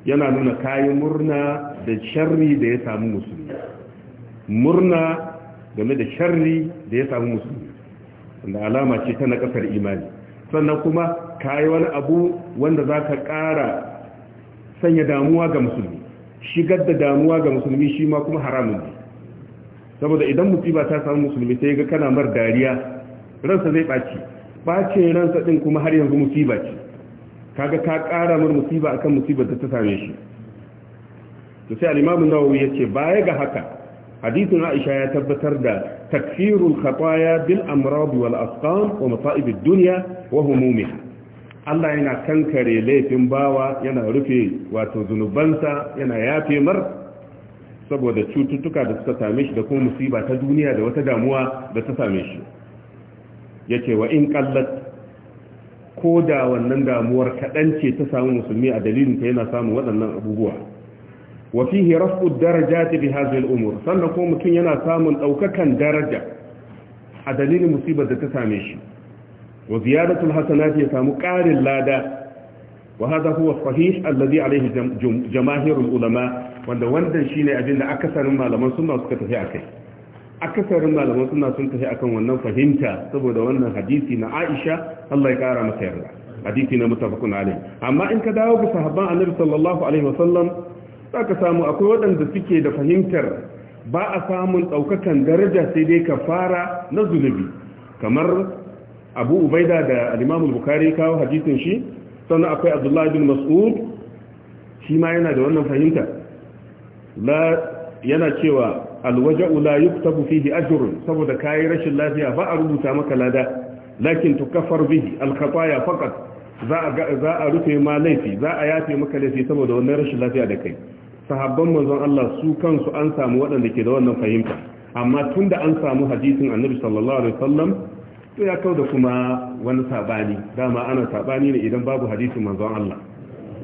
yana nuna kayi murna da sharri da ya samu musulmi murna game da sharri da ya samu musulmi wanda alama ce ta na kasar imani sannan kuma kayi wani abu wanda za ka ƙara sanya damuwa ga musulmi shigar da damuwa ga musulmi shi ma kuma haramun ne saboda idan ba ta samu musulmi sai ga kana mar dariya ransa zai ɓaci ɓacin ransa ɗin kuma har yanzu musiba ce kaga ka ƙara mar musiba akan musibar da ta same shi to sai al-Imam an-Nawawi yace baya ga haka hadithun Aisha ya tabbatar da takfirul khataya bil amrad wal asqam wa masa'ib ad-dunya wa humumiha Allah yana kankare laifin bawa yana rufe wato zunubansa yana yafe mar saboda cututtuka da suka same shi da kuma musiba ta duniya da wata damuwa da ta same shi yace wa in qallat ko da wannan damuwar kaɗan ce ta samu musulmi a dalilin ta yana samun waɗannan abubuwa wa fihi rafu ta bi hadhihi umur sannan ko mutum yana samun ɗaukakan daraja a dalilin musibar da ta same shi wa ziyadatu hasanati ya samu ƙarin lada wa hadha huwa sahih alladhi alayhi ulama wanda wannan shine abin da akasarin malaman sunna suka tafi akai akasarin malaman suna sun tafi akan wannan fahimta saboda wannan hadisi na Aisha Allah ya kara mata yarda hadisi na mutafakun alai amma in ka dawo ga sahabban Annabi sallallahu alaihi wasallam zaka samu akwai waɗanda suke da fahimtar ba a samun daukakan daraja sai dai kafara na zunubi kamar Abu Ubaida da Al-Imam Bukhari kawo hadisin shi sannan akwai Abdullah bin Mas'ud shi ma yana da wannan fahimta la yana cewa alwaja'u la yuktabu fihi ajrun saboda kai rashin lafiya ba a rubuta maka lada lakin tukaffar bihi alkhataya faqat za a za a rufe ma laifi za a yafe maka laifi saboda wannan rashin lafiya da kai sahabban manzon Allah su kansu an samu waɗanda ke da wannan fahimta amma tunda an samu hadisin annabi sallallahu alaihi wasallam to ya kauda kuma wani sabani dama ana sabani ne idan babu hadisin manzon Allah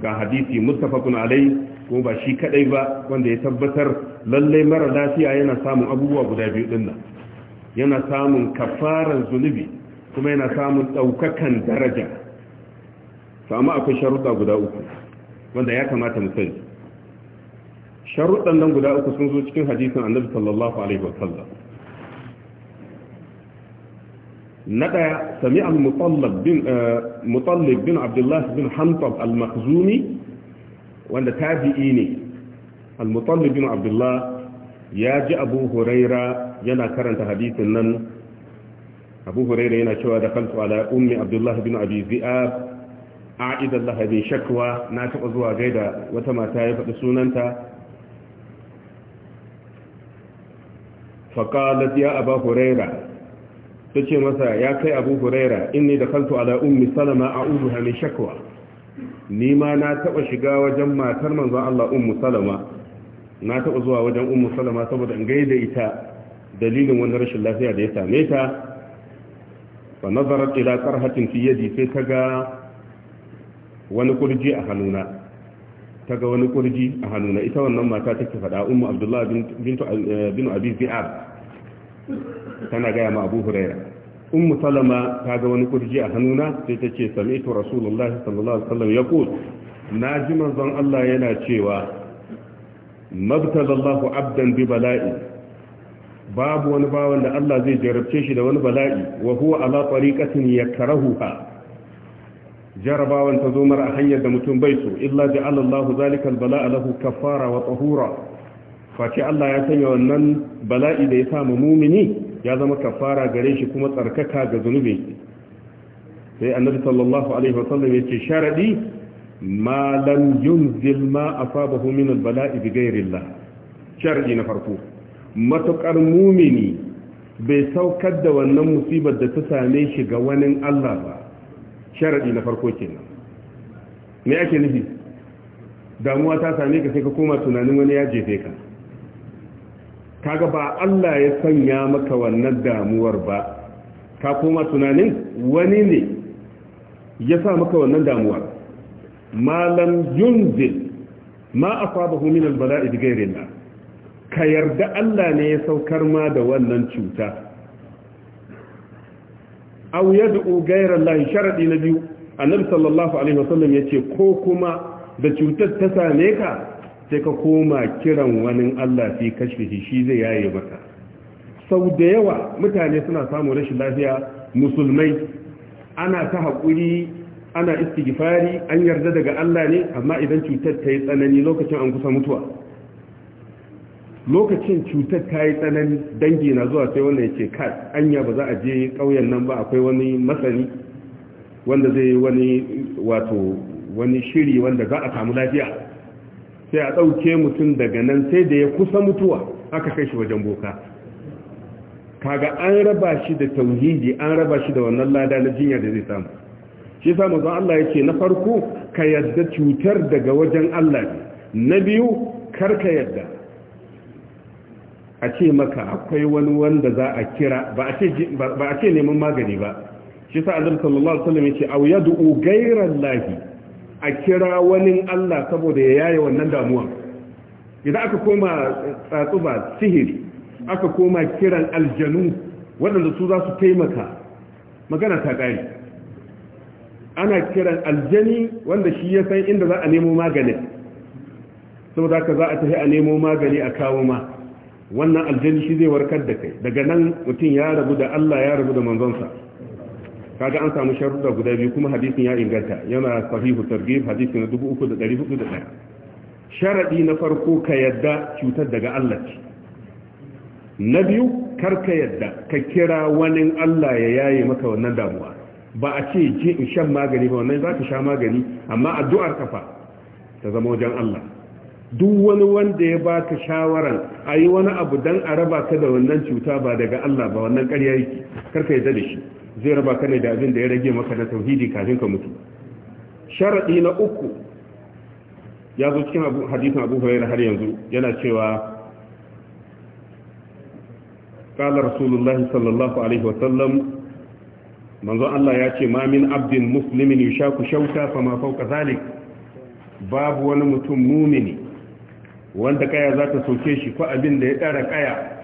ga hadisi muttafaqun alai Kuma ba shi kadai ba wanda ya tabbatar lallai mara lafiya yana samun abubuwa guda biyu din nan yana samun kafaran zunubi kuma yana samun daukakan daraja amma akwai sharuɗa guda uku wanda ya kamata mu sani sharuɗan nan guda uku sun zo cikin hadisin annabi sallallahu alaihi wasallam na ɗaya sami al-mutallab bin eh, abdullahi bin hamtab al-makhzumi wanda tabi'i ne al-mutallib bin abdullah ya ji abu huraira yana karanta hadisin nan abu huraira yana cewa da kantu ala ummi abdullah bin abi zi'ab a'idan laha shakwa na taɓa zuwa gaida wata mata ya faɗi sunanta faƙalat ya aba huraira ta ce masa ya kai abu huraira inni da kantu ala ummi salama a'uduha min shakwa ni ma na taba shiga wajen matar manzon Allah ummu salama na taba zuwa wajen ummu salama saboda in gaida ita dalilin wani rashin lafiya da ya same ta fa nazarat ila qarhatin fi yadi sai ta ga wani kurji a hannuna ta ga wani kurji a hannuna ita wannan mata take faɗa ummu abdullah bin eh, abi zi'ab tana gaya ma abu huraira in salama ta ga wani kurji a hannuna sai ta ce sami'tu rasulullahi sallallahu alaihi wasallam Na naji manzon Allah yana cewa mabtalallahu abdan bi bala'i babu wani bawan da Allah zai jarabce shi da wani bala'i wa huwa ala tariqatin yakrahuha jarabawan ta zo mara a hanyar da mutum bai so illa ja'ala Allahu zalika albala'a lahu kaffara wa tahura face Allah ya sanya wannan bala'i da ya sa mu mumini ya zama kafara gare shi kuma tsarkaka ga zunubin sai annabi sallallahu alaihi wasallam ya ce sharadi ma lam yunzil ma asabahu min albala'i bi ghairillah sharadi na farko matukar mumini bai saukar da wannan musibar da ta same shi ga wani Allah ba sharadi na farko kenan me ake nufi damuwa ta same ka sai ka koma tunanin wani ya jefe ka kaga ba Allah ya sanya maka wannan damuwar ba ka koma tunanin wani ne ya sa maka wannan damuwar malam yunzil ma asabahu min albala'i bi ka yarda Allah ne ya saukar ma da wannan cuta aw yad'u Allah sharadi na biyu annabi sallallahu alaihi wasallam yace ko kuma da cutar ta same ka sai ka koma kiran wani Allah fi kashfihi shi zai yaye maka sau da yawa mutane suna samun rashin lafiya musulmai ana ta hakuri ana istighfari an yarda daga Allah ne amma idan cutar ta yi tsanani lokacin an kusa mutuwa lokacin cutar ta yi tsanani dangi na zuwa sai wannan ya ce anya ba za a je ƙauyen nan ba akwai wani masani wanda zai wani wato wani shiri wanda za a samu lafiya sai a ɗauke mutum daga nan sai da ya kusa mutuwa aka kai shi wajen boka kaga an raba shi da tauhidi an raba shi da wannan lada na jinya da zai samu shi sa mazan Allah yake na farko ka yadda cutar daga wajen Allah na biyu kar ka yadda a ce maka akwai wani wanda za a kira ba a ce neman magani ba shi sa annabi sallallahu alaihi wasallam yace au yad'u ghayra allahi a kira wani Allah saboda ya yaye wannan damuwa idan aka koma tsatsuba eh, sihiri aka koma kiran aljanu waɗanda su za su taimaka magana ta ƙari ana kiran aljani wanda shi ya san inda za a nemo magani, saboda ka za a tafi a nemo magani a kawo ma wannan aljani shi zai warkar da kai daga nan mutum ya rabu da Allah ya rabu da manzonsa kaga an samu sharuda guda biyu kuma hadisin ya inganta yana sahihu targhib hadisi na 3401 sharadi na farko ka yadda cutar daga Allah ce na biyu kar ka yadda ka kira wani Allah ya yaye maka wannan damuwa ba a ce je in shan magani ba wannan zaka sha magani amma addu'ar kafa ta zama wajen Allah duk wani wanda ya baka shawaran ayi wani abu dan a raba ka da wannan cuta ba daga Allah ba wannan ƙarya yake karka yadda da shi zai raba ka ne da abin da ya rage maka na tauhidi kafin ka mutu sharadi na uku ya zo cikin hadisin abu hurairah har yanzu yana cewa qala rasulullahi sallallahu alaihi wa sallam manzo Allah ya ce ma min abdin muslimin yushaku shauka fama fawqa zalik babu wani mutum mumini wanda kaya za ta soke shi ko abin da ya tsara kaya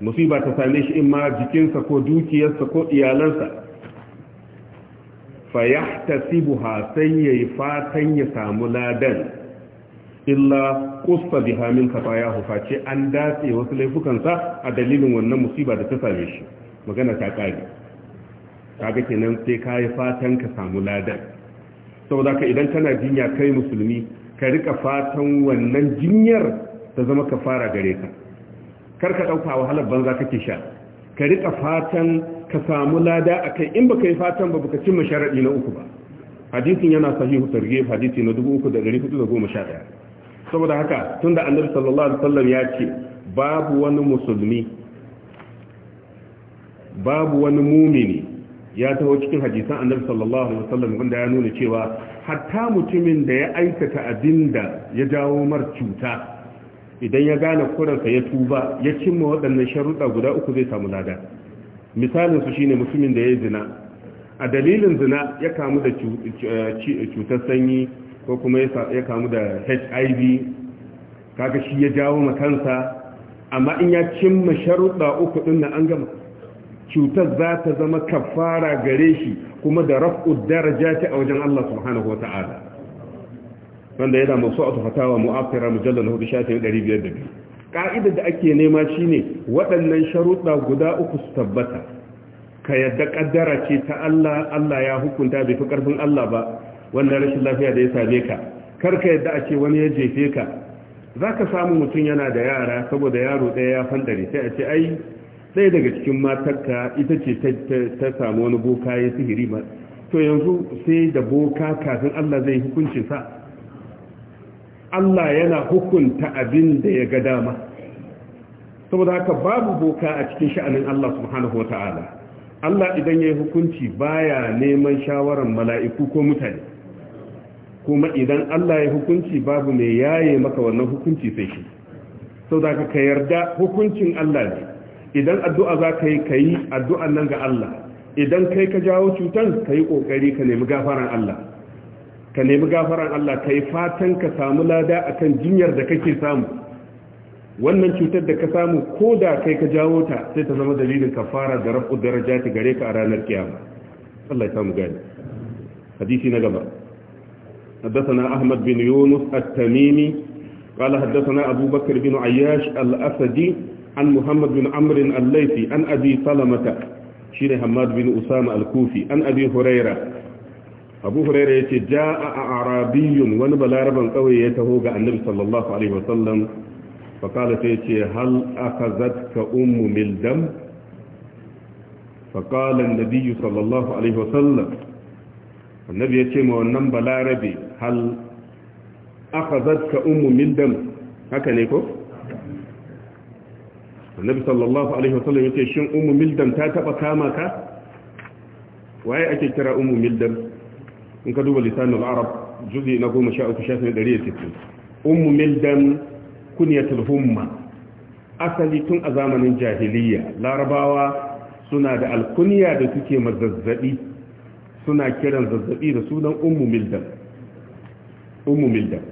musiba ta same shi in ma jikinsa ko dukiyarsa ko iyalansa fa yahtasibuha sai yi fatan ya samu ladan illa qusfa biha kafa ya hufa ce an datse wasu laifukansa a dalilin wannan musiba da ta same shi magana ta kare kaga kenan sai yi fatan ka samu ladan saboda ka idan tana jinya kai musulmi ka rika fatan wannan jinyar ta zama ka fara gare ka kar ka ɗauka wahalar banza kake sha ka riƙa fatan ka samu lada a kai in baka yi fatan ba baka cimma sharaɗi na uku ba hadisin yana sahihu targhib hadisi na 3411 saboda haka tun da annabi sallallahu alaihi wasallam ya ce babu wani musulmi babu wani mumini ya taho cikin hadisan annabi sallallahu alaihi wasallam wanda ya nuna cewa hatta mutumin da ya aikata abinda ya jawo mar cuta idan ya gane kuransa ya tuba ya cimma waɗannan sharuɗa guda uku zai samu lada misalin su shine mutumin da ya zina a dalilin zina ya kamu da cutar sanyi ko kuma ya kamu da HIV kaga shi ya jawo makansa amma in ya cimma sharuɗa uku ɗin na an gama cutar za ta zama kafara gare shi kuma da rafu daraja ta a wajen Allah subhanahu wata'ala wanda yana musu a wa mu'afira mujallar na hudu shafin dari biyar da biyu ƙa'idar da ake nema shi ne waɗannan sharuɗa guda uku su tabbata ka yadda ƙaddara ce ta Allah Allah ya hukunta bai fi ƙarfin Allah ba wannan rashin lafiya da ya same ka kar ka yadda a ce wani ya jefe ka za ka samu mutum yana da yara saboda yaro ɗaya ya fandare sai a ce ai ɗaya daga cikin matarka ita ce ta samu wani boka ya sihiri ba to yanzu sai da boka kafin Allah zai hukuncin sa Allah yana hukunta abin da ya ga dama saboda haka babu boka a cikin sha'anin Allah subhanahu wa ta'ala Allah idan ya yi hukunci baya neman shawarar mala'iku ko mutane kuma idan Allah ya hukunci babu mai yaye maka wannan hukunci sai shi saboda haka ka yarda hukuncin Allah ne idan addu'a za ka yi ka yi addu'an nan ga Allah idan kai ka jawo cutan ka yi ƙoƙari ka nemi gafaran Allah ka nemi gafaran Allah ka yi fatan ka samu lada a kan jinyar da kake samu wannan cutar da ka samu ko da kai ka jawo ta sai ta zama dalilin kafara da rafu daraja ta gare ka a ranar kiyama Allah ya samu gani hadisi na gaba حدثنا أحمد بن يونس التميمي قال حدثنا أبو بكر بن عياش الأسدي عن محمد بن عمرو الليثي عن أبي سلمة شير حماد بن أسامة الكوفي عن أبي هريرة abu huraira ya ce ja a arabiyun wani balaraban kawai ya taho ga annabi sallallahu alaihi wasallam fakala ta ce hal aka zatka ummu mildam fakala nabiyu sallallahu alaihi wasallam annabi ya ce ma wannan balarabe hal aka zatka ummu mildam haka ne ko annabi sallallahu alaihi wasallam ya shin ummu mildam ta taba kama ka waye ake kira ummu mildam in ka duba lisanin arab juzi na goma sha uku shafin ɗari da sittin ummu mildan kunyatul humma asali tun a zamanin jahiliya larabawa suna da alkuniya da suke mazazzabi suna kiran zazzaɓi da sunan ummu mildan ummu mildan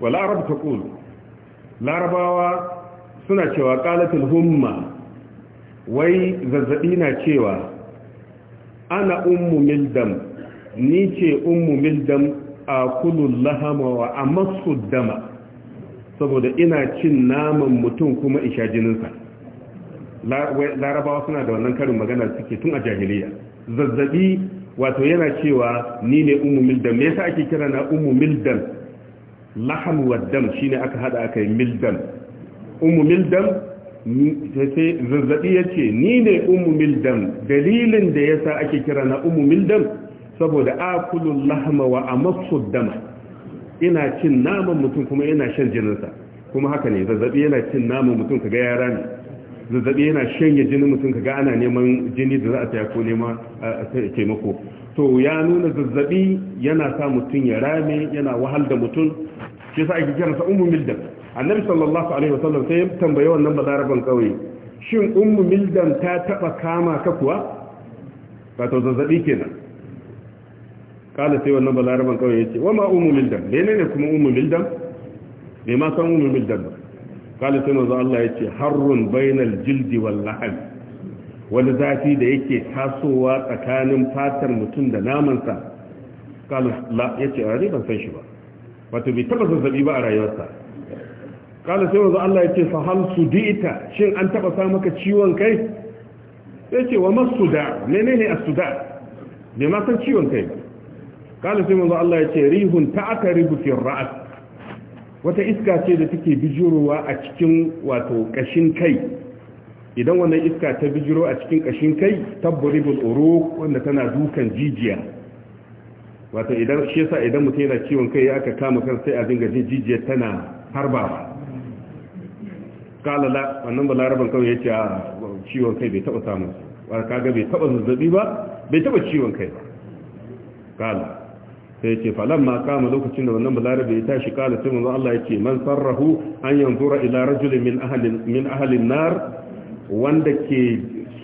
wal ta kulu larabawa suna cewa qalatul humma wai zazzaɓi na cewa ana ummu mildan ni ce ummu mildam akulul lahama wa amassu dama saboda ina cin naman mutum kuma isha jininsa larabawa suna da wannan karin magana suke tun a jahiliya zazzabi wato yana cewa ni ne ummu mildam me yasa ake kira na ummu mildam laham wa dam shine aka hada aka yi mildam ummu mildam sai zazzabi yace ni ne ummu mildam dalilin da yasa ake kira na ummu mildam saboda akulun lahma wa amassud dama ina cin naman mutum kuma ina shan jininsa kuma haka ne zazzabi yana cin naman mutum kaga yara ne zazzabi yana shanye jinin mutum kaga ana neman jini da za a taya ko nema taimako to ya nuna zazzabi yana sa mutum ya rame yana wahal da mutum shi sa ake kiransa ummu Mildam? annabi sallallahu alaihi wasallam sai ya tambaye wannan bazaraban kauye shin ummu Mildam ta taba kama ka kuwa wato zazzabi kenan kala sai wannan balaraban kawai ya ce wa ma umu mildan lene ne kuma umu mildan bai ma san umu mildan ba kala sai manzo Allah ya ce harun bainal jildi wal lahab wani zafi da yake tasowa tsakanin fatar mutum da namansa kala la ya ce a ban san shi ba wato bai taba zazzabi ba a rayuwarsa kala sai manzo Allah ya ce fa hal sudita shin an taba sa maka ciwon kai sai ce wa da menene a su da bai ma san ciwon kai ba kala sai manzo Allah ya ce rihun ta ta'taribu fi ra'as wata iska ce da take bijirowa a cikin wato kashin kai idan wannan iska ta bijiro a cikin kashin kai tabburi tabburibul uruq wanda tana dukan jijiya wato idan shi yasa idan mutum yana ciwon kai ya aka kama kan sai a dinga jin jijiya tana harba kala la wannan balaraban kawai ya ce a ah, ciwon kai bai taba samu ba kaga bai taba zazzabi ba bai taba ciwon kai ba kala sai ce falan ma kama lokacin da wannan balarabe ya tashi kala sai manzo Allah yake man sarrahu an yanzura ila rajulin min ahlin min nar wanda ke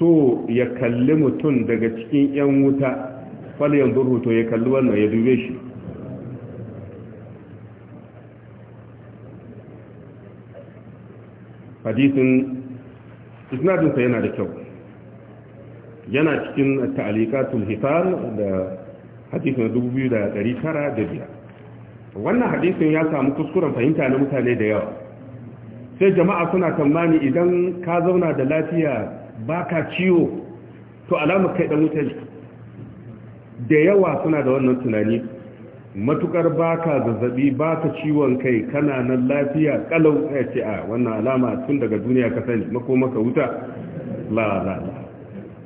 so ya kalli mutum daga cikin yan wuta fal yanzuru to ya kalli wannan ya dube shi hadisin isnadinsa yana da kyau yana cikin ta'alikatul hisan da hadisi na dubu biyu da ɗari tara da biyar wannan hadisin ya samu kuskuren fahimta na mutane da yawa sai jama'a suna tamani idan ka zauna da lafiya baka ciwo to alamar kai dan wuta da yawa suna da wannan tunani matukar baka zazzabi baka ciwon kai kana nan lafiya kalau ya ce a wannan alama tun daga duniya ka sani makomaka wuta la la la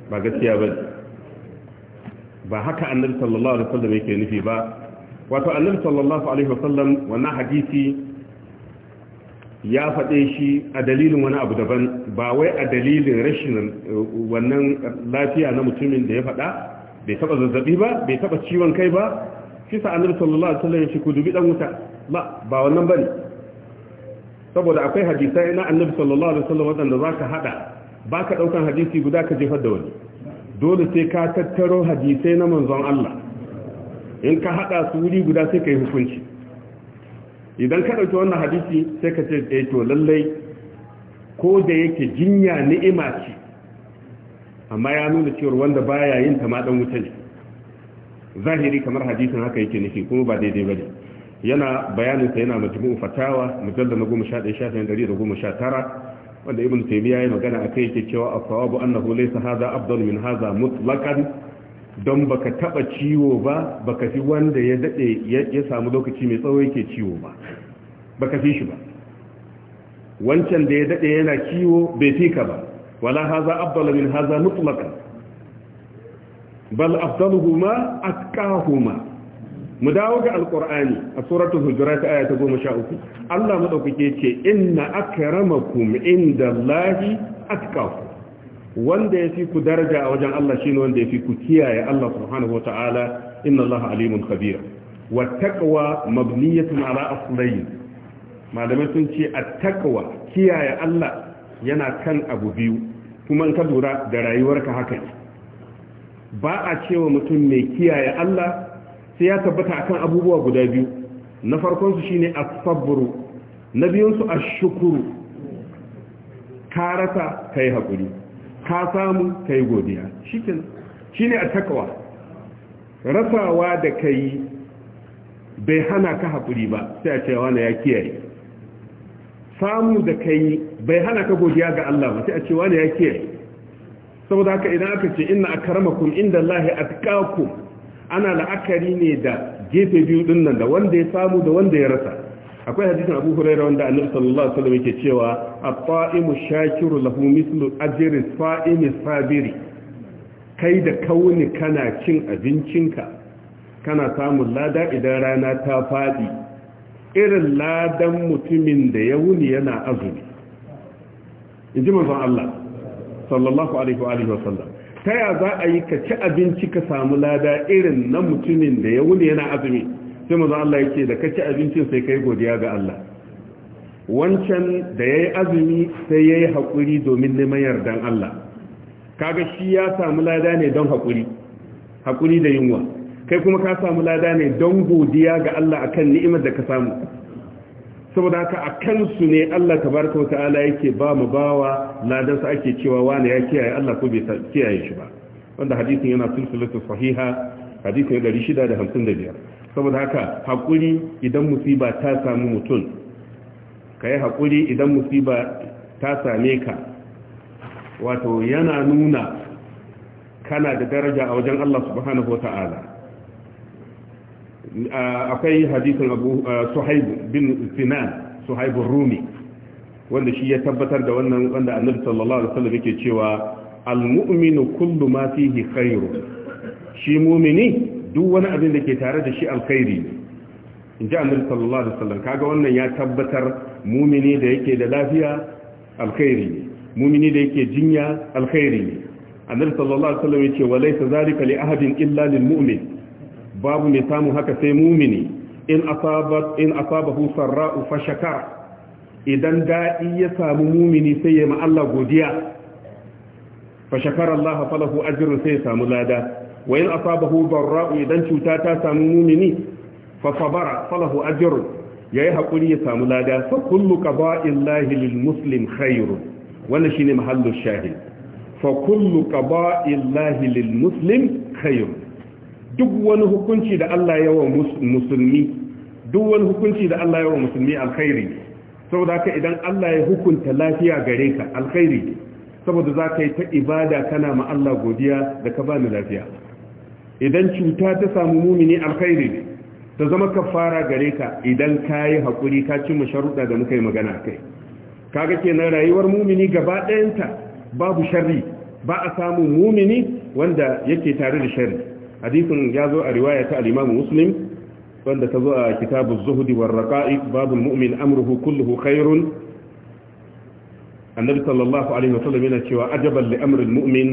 ba gaskiya bane ba haka annabi sallallahu alaihi wasallam yake nufi ba wato annabi sallallahu alaihi wasallam wannan hadisi ya faɗe shi a dalilin wani abu daban ba wai a dalilin rashin uh, wannan lafiya na mutumin da ya faɗa bai taɓa zazzabi ba bai taɓa ciwon kai ba shi sa annabi sallallahu alaihi wasallam ya ce ku dubi dan wuta ba ba wannan bane saboda akwai hadisai na annabi sallallahu alaihi wasallam wanda zaka hada baka daukan hadisi guda ka jefar da wani dole sai ka tattaro hadisai na manzon Allah in ka hada su wuri guda sai ka yi hukunci idan ka dauki wannan hadisi sai ka ce eh to lallai ko da yake jinya ni'ima ce amma ya nuna cewa wanda baya yin ta ma wuta ne zahiri kamar hadisin haka yake nufi kuma ba daidai bane yana bayanin sa yana majmu'u fatawa mujallal na 11 shafin 119 wanda ibn taymiya ya magana akai yake cewa as-sawabu annahu laysa hadha afdal min hadha mutlaqan don baka taba ciwo ba baka fi wanda ya dade ya samu lokaci mai tsawo yake ciwo ba baka fi shi ba wancan da ya dade yana ciwo bai fi ka ba wala hadha afdal min hadha mutlaqan bal afdaluhuma atqahuma mu dawo ga alkur'ani a suratul hujurat aya ta uku, Allah madaukake ce inna akramakum indallahi atqakum wanda ya fi ku daraja a wajen Allah shine wanda ya fi ku kiyaye Allah subhanahu wataala inna Allah alimun khabira wa taqwa mabniyatun ala aslayn malamai sun ce at-taqwa kiyaye Allah yana kan abu biyu kuma in ka lura da rayuwarka haka ne ba a cewa mutum mai kiyaye Allah sai ya tabbata akan abubuwa guda biyu na farkonsu shine as-sabru na biyunsu ash-shukru ka rasa kai hakuri ka samu kai godiya shikin shine at-taqwa rasawa da kai bai hana ka hakuri ba sai a ce wani ya kiyaye samu da kai bai hana ka godiya ga Allah ba sai a ce wani ya kiyaye saboda haka idan aka ce inna akramakum indallahi atqakum ana la'akari ne da gefe biyu din nan da wanda ya samu da wanda ya rasa akwai hadisin Abu Hurairah wanda Annabi sallallahu alaihi wasallam yake cewa at-ta'imu shakiru lahu mithlu ajri saimi sabiri kai da kauni kana cin abincinka kana samun lada idan rana ta fadi irin ladan mutumin da ya wuni yana azumi inji manzon Allah sallallahu alaihi wa alihi wasallam ta ya za a yi ka ci abinci ka samu lada irin na mutumin da ya wuni yana azumi sai mazan Allah ya ce da ka ci abincin sai ka yi godiya ga Allah wancan da ya yi azumi sai ya yi haƙuri domin neman yardan Allah kaga shi ya samu lada ne don haƙuri haƙuri da yunwa kai kuma ka samu lada ne don godiya ga Allah akan ni'imar da ka samu saboda haka a kansu ne Allah tabaraka wa ta'ala yake ba mu bawa ladan sa ake cewa wani ya kiyaye Allah ko bai kiyaye shi ba wanda hadisin yana silsilatu sahiha hadisin 655 saboda haka hakuri idan musiba ta samu mutum kai hakuri idan musiba ta same ka wato yana nuna kana da daraja a wajen Allah subhanahu wa ta'ala akwai hadisin abu suhaib bin sinan suhaibu rumi wanda shi ya tabbatar da wannan wanda annabi sallallahu alaihi wasallam yake cewa almu'minu kullu ma fihi khairu shi mu'mini duk wani abin da ke tare da shi alkhairi ne in ji annabi sallallahu alaihi wasallam kaga wannan ya tabbatar mu'mini da yake da lafiya alkhairi ne mu'mini da yake jinya alkhairi ne annabi sallallahu alaihi wasallam yace walaysa zalika li ahadin illa lil mu'min babu mai samun haka sai mumini in asabat in asabahu sarra'u fa shakara idan da'i ya samu mumini sai ya ma Allah godiya fa shakara Allah falahu ajrun sai ya samu lada wa in asabahu darra'u idan cuta ta samu mumini fa sabara falahu ya yi haƙuri ya samu lada fa kullu qada'illahi lil muslim khairun wannan shine mahallu shahid fa kullu qada'illahi lil muslim khairun duk wani hukunci da Allah ya wa musulmi duk wani hukunci da Allah ya wa musulmi alkhairi saboda haka idan Allah ya hukunta lafiya gare ka alkhairi saboda za ka yi ta ibada kana ma Allah godiya da ka ni lafiya idan cuta ta samu mumini alkhairi ta zama kafara gare ka idan ka yi haƙuri ka cimma sharuɗa da muka yi magana kai kaga kenan rayuwar mumini gaba ɗayanta babu sharri ba a samun mumini wanda yake tare da sharri hadisin ya zo a riwaya ta al-Imam Muslim wanda ta zo a kitabu Zuhd war Raqa'iq babul mu'min amruhu kulluhu khairun annabi sallallahu alaihi wasallam yana cewa ajaban li amril mu'min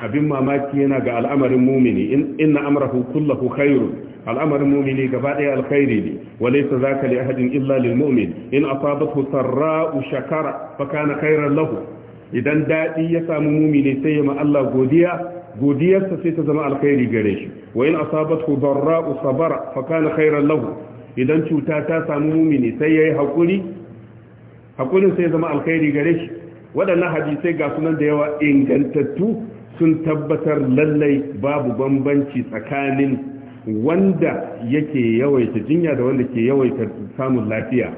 abin mamaki yana ga al'amarin mumini inna amrahu kulluhu khairun al'amarin mumini gaba daya alkhairi ne walaysa zaka li ahadin illa lil mu'min in asabathu sarra'u shakara fa kana khairan lahu idan dadi ya samu mumini sai ya ma Allah godiya godiyarsa sai ta zama alkhairi gare shi wa in asabathu darra'u sabara fa kana khairan lahu idan cuta ta samu mumini sai yayi hakuri hakurin sai zama alkhairi gare shi wadannan sai ga sunan da yawa ingantattu sun tabbatar lallai babu bambanci tsakanin wanda yake yawaita jinya da wanda ke yawaita samun lafiya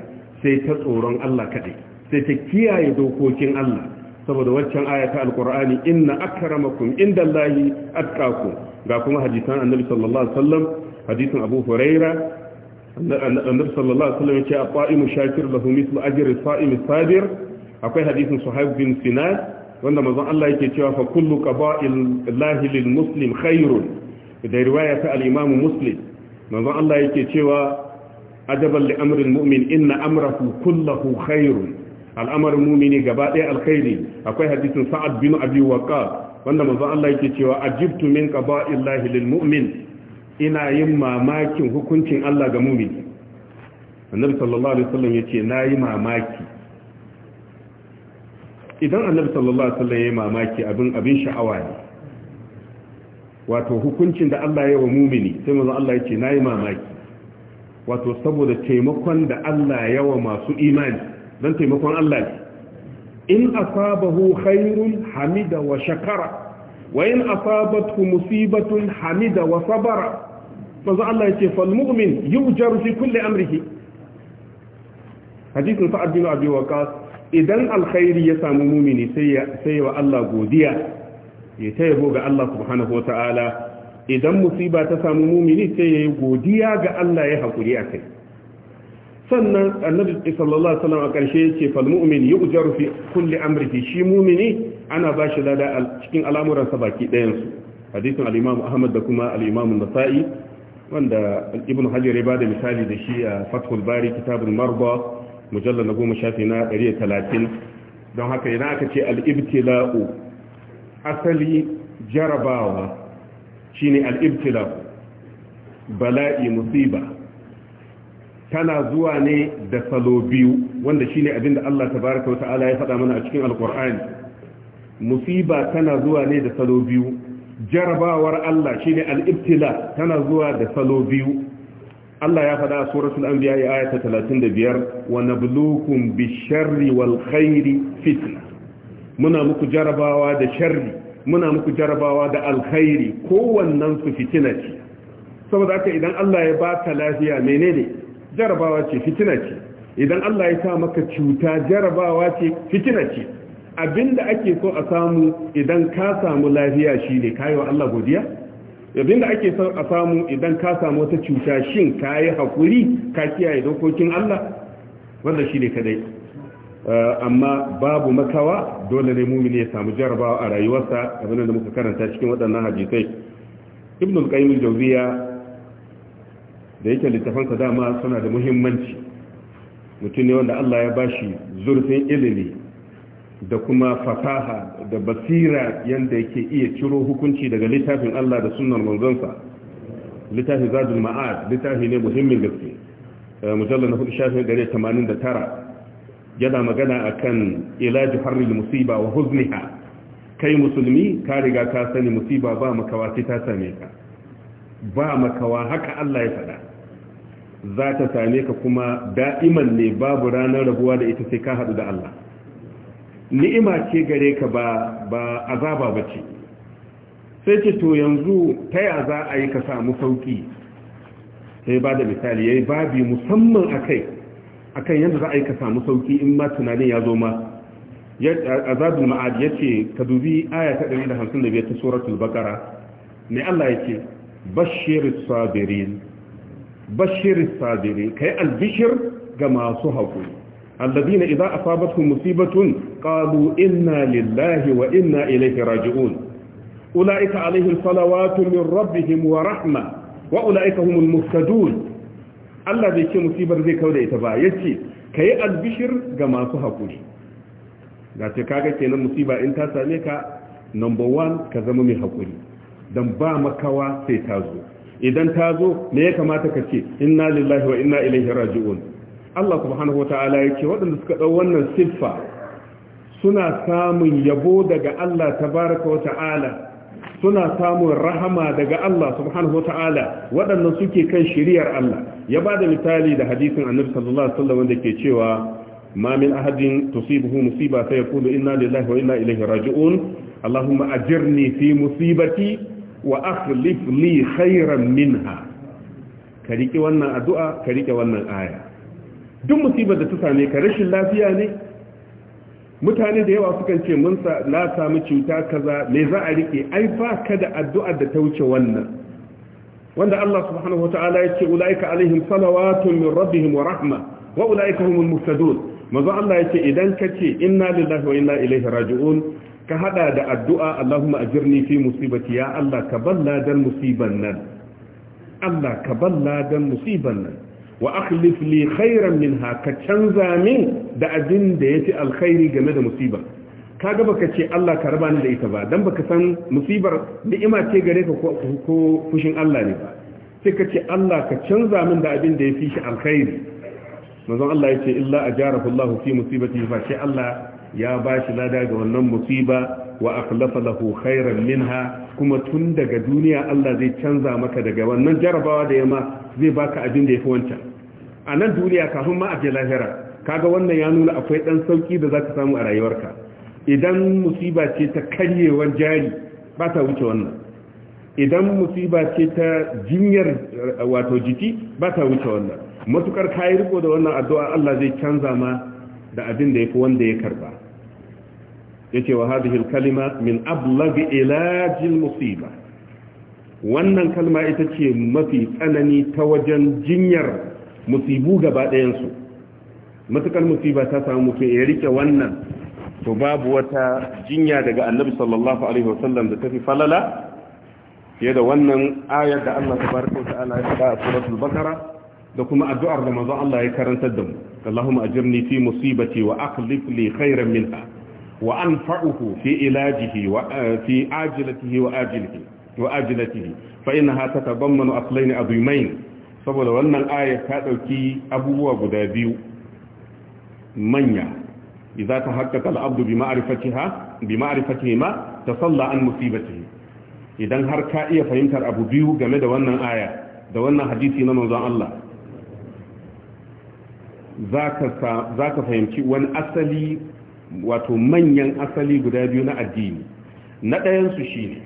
sai ta tsoron Allah kaɗai sai ta kiyaye dokokin Allah saboda waccan ayata alqur'ani inna akramakum indallahi atqakum ga kuma hadisan annabi sallallahu alaihi wasallam hadisin abu huraira annabi sallallahu alaihi wasallam yace aqaimu shakir lahu mithlu ajri sa'im sabir akwai hadisin suhaib bin sinan wanda manzon Allah yake cewa fa kullu qaba'il lahi lil muslim khairun da riwaya ta al-imam muslim manzon Allah yake cewa ajaban li amrin mu'min inna amrahu kullahu khairun al'amarin mumini gaba ɗaya alkhairi akwai hadisin sa'ad bin abi waqqa wanda manzon Allah yake cewa ajibtu min qada'illahi lil mu'min ina yin mamakin hukuncin Allah ga mumini annabi sallallahu alaihi wasallam yace nayi mamaki idan annabi sallallahu alaihi wasallam yayi mamaki abin abin sha'awa ne wato hukuncin da Allah ya wa mumini sai manzon Allah yace nayi mamaki wato saboda taimakon da Allah ya wa masu imani don taimakon Allah ne in asabahu khairun hamida wa shakara wa in asabathu musibatun hamida wa sabara manzo Allah yace fal mu'min yujjar fi kulli amrihi hadithun sa'ad bin abi waqas idan alkhairi ya samu mumini sai sai wa Allah godiya ya tayabo ga Allah subhanahu wa ta'ala idan musiba ta samu mumini sai ya yi godiya ga Allah ya hakuri akai sannan annabi sallallahu alaihi wasallam a karshe yace fal mu'min yujaru fi kulli amrihi shi mu'mini ana ba shi lada cikin al'amuransa baki ɗayan su hadisin al-Imam Ahmad da kuma al-Imam Nasa'i wanda Ibn Hajar ya bada misali da shi a Fathul Bari kitabul Marba mujallal na goma shafi na 130 don haka idan aka ce al-ibtila'u asali jarabawa shine al-ibtila'u bala'i musiba tana zuwa ne da salo biyu wanda shine abinda da Allah tabaraka wa ta'ala ya faɗa mana a cikin alkur'ani musiba tana zuwa ne da salo biyu jarabawar Allah shine al-ibtila tana zuwa da salo biyu Allah ya faɗa a suratul biya ya ayata da wa nabluukum bish-sharri wal khairi fitna muna muku jarabawa da sharri muna muku jarabawa da alkhairi kowannen su fitina ce saboda haka idan Allah ya bata lafiya menene jarabawa ce fitina ce idan Allah ya sa maka cuta jarabawa ce fitina ce abinda ake so a samu idan ka samu lafiya shine kayo Allah godiya abinda ake so a samu idan ka samu wata cuta shin kayi hakuri ka kiyaye dokokin Allah wanda shine kadai eh, amma babu makawa dole ne mumini ya samu jarabawa a rayuwarsa abinda da muka karanta cikin waɗannan hadisai ibn qayyim jawziya da yake littafansa dama suna da muhimmanci mutum ne wanda Allah ya bashi zurfin ilimi da kuma fasaha da basira yanda yake iya ciro hukunci daga littafin Allah da sunan manzonsa littafin zadul ma'ad littafi ne muhimmin gaske eh, mujallar na hudu shafin yana magana akan ilaji harril musiba wa huzniha kai musulmi ka riga ka sani musiba ba makawa ta same ka ba makawa haka Allah ya faɗa za ta same ka kuma da'iman ne babu ranar rabuwa da ita sai ka haɗu da Allah ni'ima ce gare ka ba ba azaba bace sai ce to yanzu ta ya za a yi ka samu sauki sai ba da misali yayi babi musamman akai akan yadda za a yi ka samu sauki in ma tunanin ya zo ma azabul ma'ad yace ka dubi aya ta 155 ta suratul baqara ne Allah yake bashirus sabirin bashir sabiri kai albishir ga masu haƙuri alladina idza asabatuhum musibatun qalu inna lillahi wa inna ilayhi raji'un ulaika alaihim salawatu min rabbihim wa rahma wa ulaika humul muhtadun Allah bai ce musibar zai kauda ita ba yace kai albishir ga masu haƙuri ga ce kaga kenan musiba in ta same ka number 1 ka zama mai haƙuri dan ba makawa sai ta zo idan ta zo me ya kamata ka ce inna lillahi wa inna ilaihi raji'un Allah subhanahu wataala ya ce waɗanda suka ɗau wannan siffa suna samun yabo daga Allah tabaraka wataala suna samun rahama daga Allah subhanahu wataala waɗannan suke kan shiriyar Allah ya ba da misali da hadisin annabi sallallahu alaihi wasallam da ke cewa ma min ahadin tusibuhu musiba sai ya inna lillahi wa inna ilaihi raji'un allahumma ajirni fi musibati wa akhlif li khairan minha ka rike wannan addu'a ka rike wannan aya duk musibar da ta same ka rashin lafiya ne mutane da yawa sukan ce mun na samu cuta kaza me za a rike ai ba ka da addu'a da ta wuce wannan wanda Allah subhanahu wa ta'ala ya ce ulaika alaihim salawatun min rabbihim wa rahma wa ulaika humul muhtadun mazo Allah ya ce idan ka ce inna lillahi wa inna ilaihi raji'un ka hada da addu'a Allahumma ajirni fi musibati ya Allah ka balla dan musiban nan Allah ka balla dan musiban nan wa akhlif li khairan minha ka canza min da abin da yafi alkhairi game da musiba ga baka ce Allah ka raba ni da ita ba dan baka san musibar ni'ima ce gare ka ko fushin Allah ne ba sai ka ce Allah ka canza min da abin da yafi shi alkhairi manzon Allah yace illa ajarahu Allah fi musibati fa sai Allah ya ba shi lada ga wannan musiba wa akhlafa lahu khairan minha kuma tun daga duniya Allah zai canza maka daga wannan jarabawa da yamma zai baka abin da yafi wancan a nan duniya kafin ma a je lahira kaga wannan ya nuna akwai dan sauki da zaka samu a rayuwarka idan musiba ce ta karyewar jari ba ta wuce wannan idan musiba ce ta jinyar wato jiki ba ta wuce wannan matukar kayi riko da wannan addu'a Allah zai canza ma da abin da fi wanda ya karba yace wa hadhihi kalima min ablaghi ilajil musiba wannan kalma ita ce mafi tsanani ta wajen jinyar musibu gaba ɗayan matukar musiba ta samu mutum ya rike wannan to babu wata jinya daga annabi sallallahu alaihi wasallam da tafi falala fiye da wannan ayar da Allah tabaraka wa ta'ala ya faɗa a suratul bakara da kuma addu'ar da manzon Allah ya karantar da mu اللهم أجرني في مصيبتي وأخلف لي خيرا منها وأنفعه في علاجه وفي عاجلته وآجله وآجلته فإنها تتضمن أصلين عظيمين saboda wannan aya ta ɗauki abubuwa guda biyu manya idza ta haqqaqa al-abdu bi ma'rifatiha ma ta tasalla an musibatihi idan har ka iya fahimtar abu biyu game da wannan aya da wannan hadisi na manzon Allah za ka fahimci wani asali wato manyan asali guda biyu na addini na ɗayansu shi ne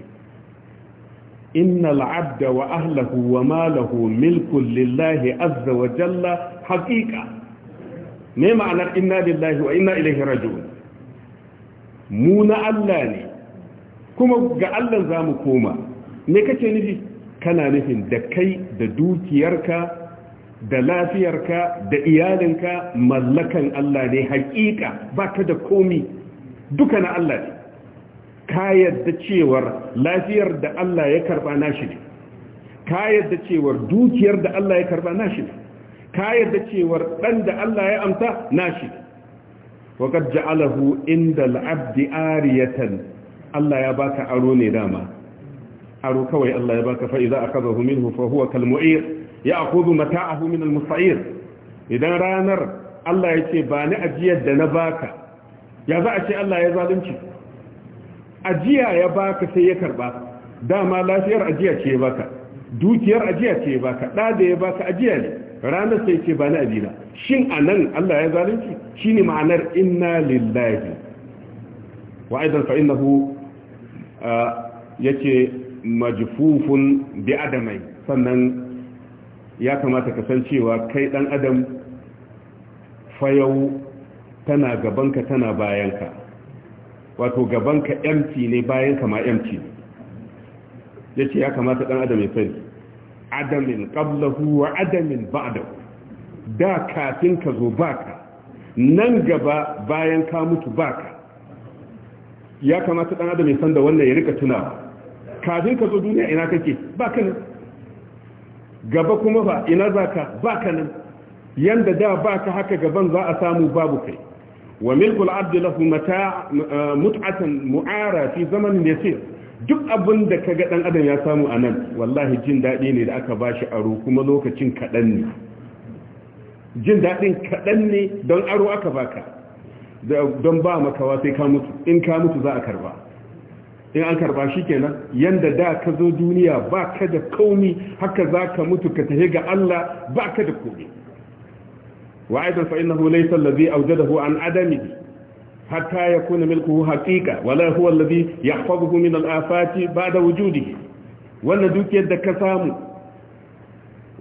inna la'adda wa ahlahu wa malahu milkun lillahi azza wa jalla haƙiƙa ne ma'anar inna lillahi wa inna ilaihi raji'un mu na Allah ne kuma ga Allah za mu koma me kake nufi kana nufin da kai da dukiyarka da lafiyarka da iyalinka mallakan Allah ne hakika baka da komi duka na Allah ne ka yadda cewar lafiyar da Allah ya karba nashi ne ka yadda cewar dukiyar da Allah ya karba nashi ne ka yadda cewar dan da Allah ya amsa nashi ne waqad ja'alahu inda al-'abdi ariyatan Allah ya baka aro ne dama aro kawai Allah ya baka fa idza akadahu minhu fa huwa kal mu'ir ya mata mata'ahu min al-musta'ir idan ranar Allah ya ce ba ni ajiyar da na baka ya za a ce Allah ya zalunci ajiya ya baka sai ya karba dama lafiyar ajiya ce ya baka dukiyar ajiya ce ya baka da da ya baka ajiya ne ranar sai ce ba ni ajina shin anan Allah ya zalunci shine ma'anar inna lillahi wa fa innahu uh, yake majfufun bi adamai sannan ya kamata ka san cewa kai dan adam fayau tana gabanka tana bayanka wato gabanka empty ne bayanka ma empty ya ce ya kamata dan adam ya sani adamin qablahu wa adamin ba'dahu da kafin ka zo baka nan gaba bayan ka mutu baka ya kamata dan adam ya san da wannan ya rika tunawa kafin ka zo duniya ina kake baka gaba kuma ba ina za ka ba ka nan yadda da ba ka haka gaban za a samu babu kai wa milkul abdu lahu eh, mut'atan mu'ara fi zamanin yasir duk abin da kaga dan adam ya samu a nan wallahi jin daɗi ne da aka bashi aro kuma lokacin kaɗan ne jin daɗin kaɗan ne don aro aka baka don ba makawa sai ka mutu in ka mutu za a karba in an karba shi kenan yanda da ka zo duniya ba ka da komi haka za ka mutu ka tahe ga Allah ba ka da komi wa aidan fa innahu laysa alladhi awjadahu an adamihi hatta yakuna milkuhu haqiqa wala huwa alladhi yahfazuhu min al-afati ba'da wujudihi wannan dukiyar da ka samu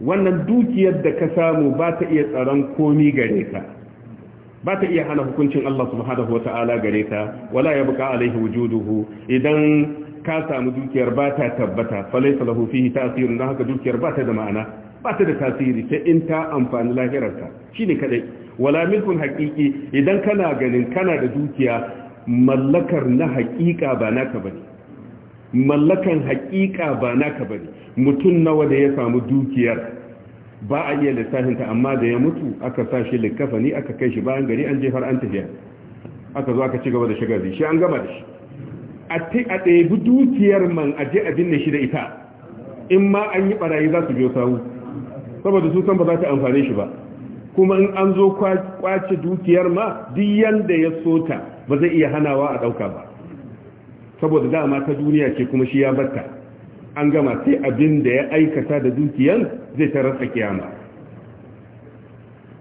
wannan dukiyar da ka samu ba ta iya tsaron komi gare ka ba ta iya hana hukuncin Allah subhanahu wa ta'ala gare ta wala ya buka alaihi wujuduhu idan ka samu dukiyar ba ta tabbata falaisa lahu fihi ta'sirun dan haka dukiyar ba ta da ma'ana ba ta da tasiri sai in ta amfani lahirarka shine kadai wala milkun haqiqi idan kana ganin kana da dukiya mallakar na haqiqa ba naka bane mallakan haqiqa ba naka bane mutun nawa da ya samu dukiyar ba a iya lissafin ta amma da ya mutu aka sa shi likafani aka kai shi bayan gari an jefar an tafiya aka zo aka ci gaba da zai shi an gama da shi a ɗaya dukiyar man a je a da shi da ita in ma an yi barayi za su biyo sawu saboda su san ba za ta amfane shi ba kuma in an zo kwace dukiyar ma duk yanda ya sota ba zai iya hanawa a ɗauka ba saboda dama ta duniya ce kuma shi ya barta an gama sai abin da ya aikata da dukiyan zai tarar a kiyama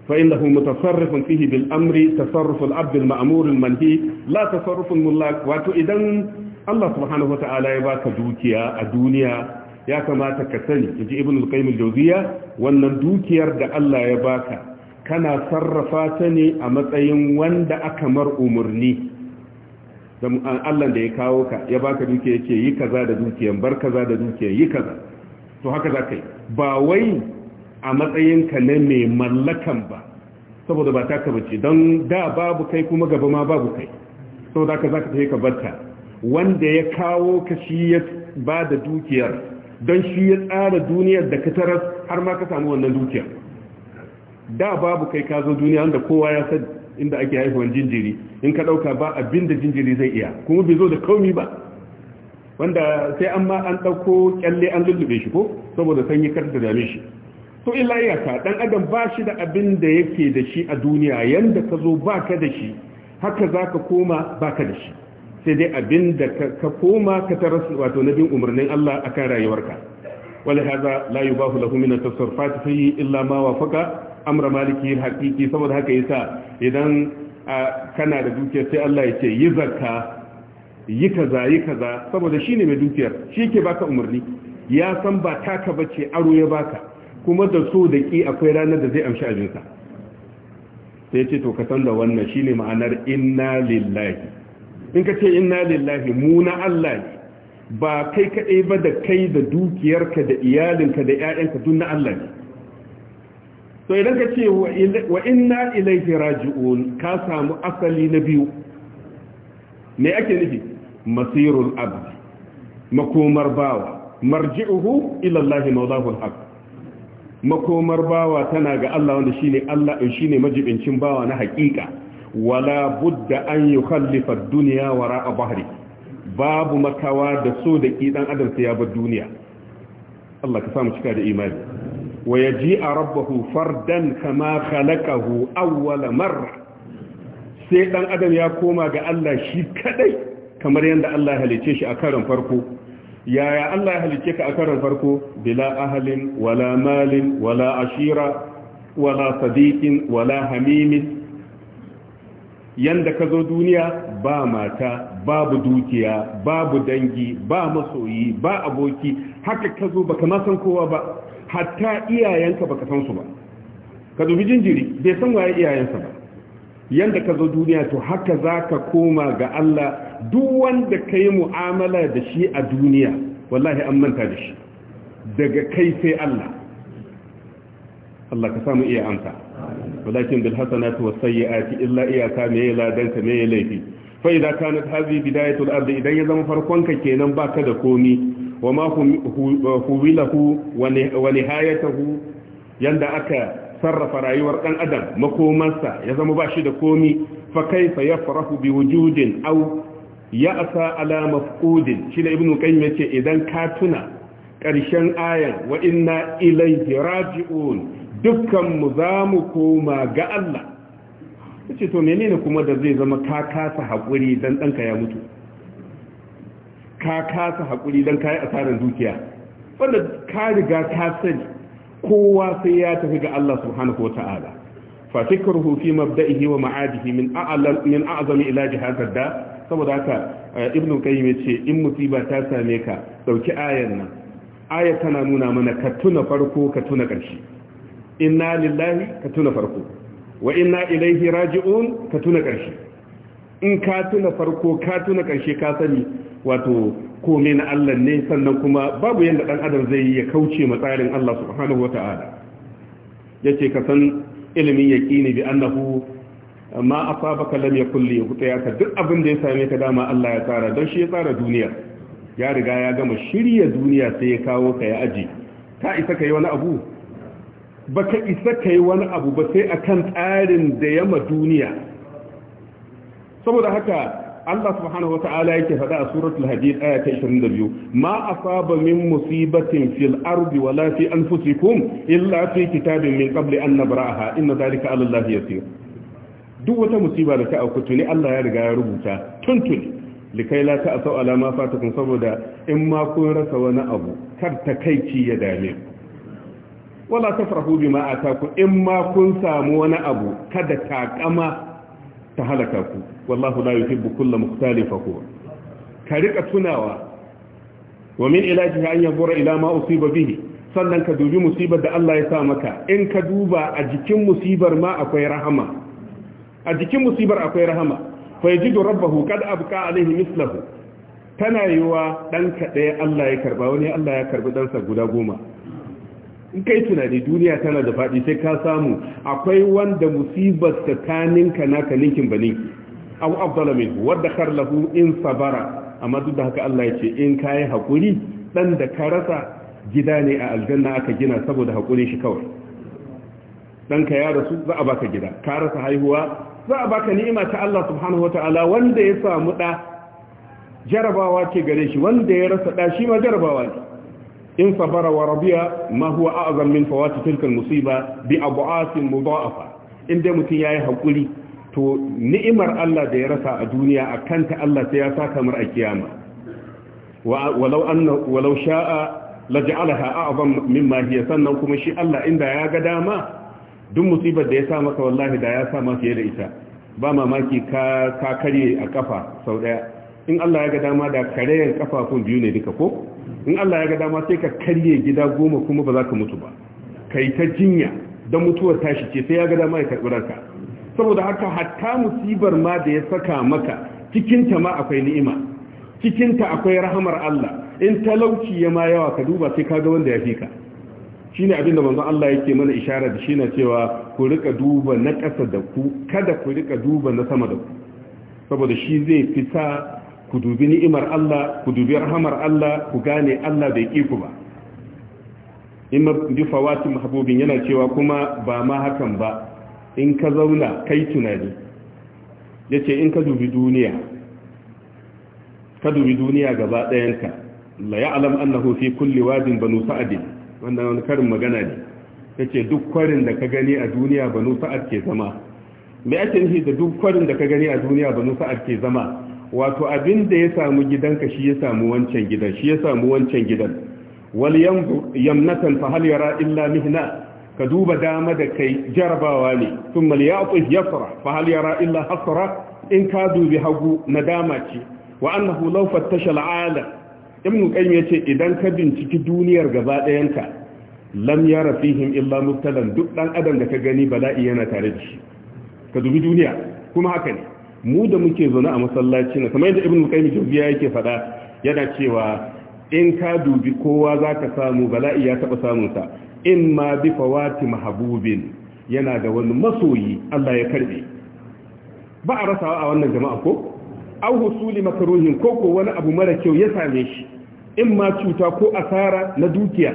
fa innahu mutasarrifun fihi bil amri tasarruful abd al ma'mur al manhi la tasarruful mulak wato idan Allah subhanahu wata'ala ya baka dukiya a duniya ya kamata ka sani inji ibn al qayyim al-jawziyya wannan dukiyar da Allah ya baka kana sarrafa ta ne a matsayin wanda aka mar umurni Allah da ya kawo ka ya baka dukiya ya ce yi kaza da dukiyan bar kaza da dukiyan yi kaza to haka za ka yi ba wai a matsayin ka na mai mallakan ba saboda ba taka bace don da babu kai kuma gaba ma babu kai saboda haka za ka ka barka wanda ya kawo ka shi ya ba da dukiyar don shi ya tsara duniyar da ka taras har ma ka samu wannan dukiyar da babu kai ka zo duniya wanda kowa ya sani inda ake haifuwan jinjiri in ka ɗauka ba abin da jinjiri zai iya kuma bai zo da kaumi ba wanda sai an ma an ɗauko kyalle an lullube shi ko saboda sanyi kar da dame shi to illa iyaka dan adam ba shi da abin da yake da shi a duniya yanda ka zo ba ka da shi haka za ka koma ba ka da shi sai dai abin da ka koma ka taras wato na bin umarnin Allah akan rayuwarka wala hada la yubahu lahu min at-tasarrufat illa ma wafaqa amra maliki hakiki saboda haka yasa idan kana da dukiya sai Allah ya ce yi zakka yi kaza yi kaza saboda shine mai dukiyar shi baka umarni ya san ba taka bace aro ya baka kuma da so da ki akwai ranar da zai amshi abinka sai ce to ka san da wannan shine ma'anar inna lillahi in ka ce inna lillahi mu na Allah ba kai kaɗai ba da kai da dukiyarka da iyalinka da ‘ya'yanka duk na Allah ne to idan ka ce wa inna ilaihi raji'un ka samu asali na biyu me ake nufi masirul abd makomar bawa marji'uhu ila Allah mawlahu al makomar bawa tana ga Allah wanda shine Allah shine majibincin bawa na hakika wala budda an yukhallifa ad-dunya wara'a bahri babu makawa da so da ki dan adam sai ya bar duniya Allah ka samu cika da imani wa yaji'a rabbahu fardan kama khalaqahu awwala marra sai dan adam ya koma ga Allah shi kaɗai, kamar yadda Allah ya halice shi a karon farko yaya Allah ya halice ka a karon farko bila ahalin wala malin wala ashira wala sadiqin wala hamimin yanda ka zo duniya ba mata babu dukiya babu dangi ba masoyi ba aboki haka kazo zo baka ma kowa ba hatta iyayenka baka san su ba ka dubi jinjiri bai san waye iyayensa ba yanda ka zo duniya to haka za ka koma ga Allah duk wanda ka yi mu'amala da shi a duniya wallahi an manta da shi daga kai sai Allah Allah ka samu iya amsa walakin bil hasanatu was sayyiati illa iyaka me yala dan ka me laifi fa idza kanat hadhi bidayatul ardi idan ya zama farkon ka kenan baka da komi wa ma huwilahu wa nihayatahu yanda aka sarrafa rayuwar dan adam makomansa ya zama ba shi da komi fa kaifa yafrahu bi wujudin aw ya'sa ala mafqudin shi da ibnu qayyim yace idan ka tuna karshen ayan wa inna ilayhi raji'un dukkan mu za mu koma ga Allah yace to menene kuma da zai zama ka kasa hakuri dan danka ya mutu ka kasa haƙuri don kayi asarar dukiya wanda ka riga ka sani kowa sai ya tafi ga Allah subhanahu wa ta'ala fa fikruhu fi mabda'ihi wa ma'adihi min a'lam min a'zami da saboda haka eh, ibnu qayyim yace in musiba ta same ka dauki ayan nan ayat tana nuna mana ka tuna farko ka tuna ƙarshe inna lillahi ka tuna farko wa inna ilaihi raji'un ka tuna ƙarshe in ka tuna farko ka tuna ƙarshe ka sani wato komai na Allah ne sannan kuma babu yadda ɗan adam zai yi ya kauce ma tsarin Allah subhanahu wata'ala ya ce ka san ilimin yaƙini bi annahu ma asabaka lam yakul li yuqtiyaka duk abin da ya same ka dama Allah ya tsara don shi ya tsara duniya ya riga ya gama shirya duniya sai ya kawo ka ya aje ka isa kai wani abu baka isa kai wani abu ba sai akan tsarin da ya ma duniya saboda haka Allah subhanahu wata'ala yake faɗa a suratul hadid aya ta 22 ma asaba min musibatin fil ardi wala fi anfusikum illa fi kitabin min qabli an nabraha inna dhalika 'ala Allah yasir duk wata musiba da ta auku tuni Allah ya riga ya rubuta tuntuni likai la ta asau ala ma fatakum saboda in ma kun rasa wani abu kar ta kaici ya dame wala tafrahu bima ataku in ma kun samu wani abu kada takama ta halaka ku wallahu la yuhibbu kulla mukhtalin fakhur ka rika tunawa wa min ilajihi an yanzura ila ma usiba bihi sannan ka dubi musibar da Allah ya sa maka in ka duba a jikin musibar ma akwai rahama a jikin musibar akwai rahama fa yajidu rabbahu kad abqa alaihi mislahu tana yiwa ɗanka ɗaya Allah ya karba wani Allah ya karbi ɗansa guda goma in kai tunani duniya tana da faɗi sai ka samu akwai wanda musibar tsakaninka naka ninkin ba ninki aw afdala min wadda kharlahu in sabara amma duk da haka Allah ya ce in kai hakuri dan da ka rasa gida ne a aljanna aka gina saboda haƙurin shi kawai dan ka ya rasu za a baka gida ka rasa haihuwa za a baka ni'ima ta Allah subhanahu wataala wanda ya samu da jarabawa ke gare shi wanda ya rasa da shi ma jarabawa ne in sabara wa rabiya ma huwa a'zam min fawati tilka musiba bi abu'asin mudha'afa in dai mutum yayi hakuri to ni'imar Allah da ya rasa a duniya a kanta Allah sai ya sa kamar a kiyama walau anna walau sha'a laj'alaha a'zam mimma hiya sannan kuma shi Allah inda ya ga dama duk musibar da ya sa maka wallahi da ya sa maka fiye da ita ba mamaki ka ka karye a kafa sau daya in Allah ya ga dama da karayen kafafun biyu ne duka ko in Allah ya ga dama sai ka karye gida goma kuma ba za ka mutu ba kai ta jinya don mutuwar tashi ce sai ya ga dama ya karɓi ranka saboda haka hatta musibar ma da ya saka maka cikinta ma akwai ni'ima cikinta akwai rahamar Allah in talauci ya ma yawa ka duba sai ka ga wanda ya fi ka shine abin da manzon Allah yake mana isharar da shi na cewa ku rika duba na ƙasa da ku kada ku rika duba na sama da ku saboda shi zai fita ku dubi ni'imar Allah ku dubi rahamar Allah ku gane Allah bai ki ku ba imma bi fawati mahbubin yana cewa kuma ba ma hakan ba in ka zauna kai tunani yace in ka dubi duniya ka dubi duniya gaba ɗayanka la ya'lam annahu fi kulli wadin banu sa'd wannan wani karin magana ne yace duk kwarin da ka gani a duniya banu sa'ad ke zama me ake nufi da duk kwarin da ka gani a duniya banu sa'ad ke zama wato abin da ya samu gidanka shi ya samu wancan gidan shi ya samu wancan gidan wal yamnatan fa hal yara illa mihna ka duba dama da kai jarabawa ne thumma yaqif yasra fa hal yara illa hasra in ka dubi hagu nadama ce wa annahu law fattasha al'ala ibn qayyim yace idan ka binciki duniyar gaba dayanka lam yara fihim illa mubtalan duk dan adam da ka gani bala'i yana tare da shi ka dubi duniya kuma haka ne mu da muke zaune a masallaci na kamar yadda ibn qayyim jawziya yake faɗa yana cewa in ka dubi kowa zaka samu bala'i ya taba samun sa in ma bi fawati mahabubin. yana da wani masoyi Allah ya karɓe ba a rasawa a wannan jama'a ko An husuli makruhin ko ko wani abu mara kyau ya same shi in ma cuta ko asara na dukiya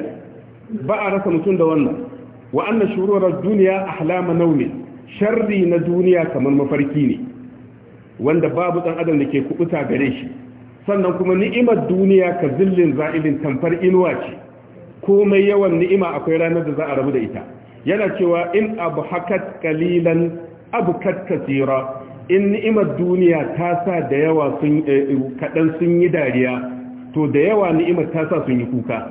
ba a rasa mutum da wannan wa anna shururar duniya ahlama naumin sharri na duniya kamar mafarki ne wanda babu dan adam da ke kubuta gare shi sannan kuma ni'imar duniya ka zillin za'ilin tamfar inuwa ce komai yawan ni'ima akwai ranar da za a rabu da ita yana cewa in abu hakat kalilan abu kat kasira in ni'imar duniya ta sa da yawa sun eh, eh, kaɗan sun yi dariya to da yawa ni'imar ta sa sun yi kuka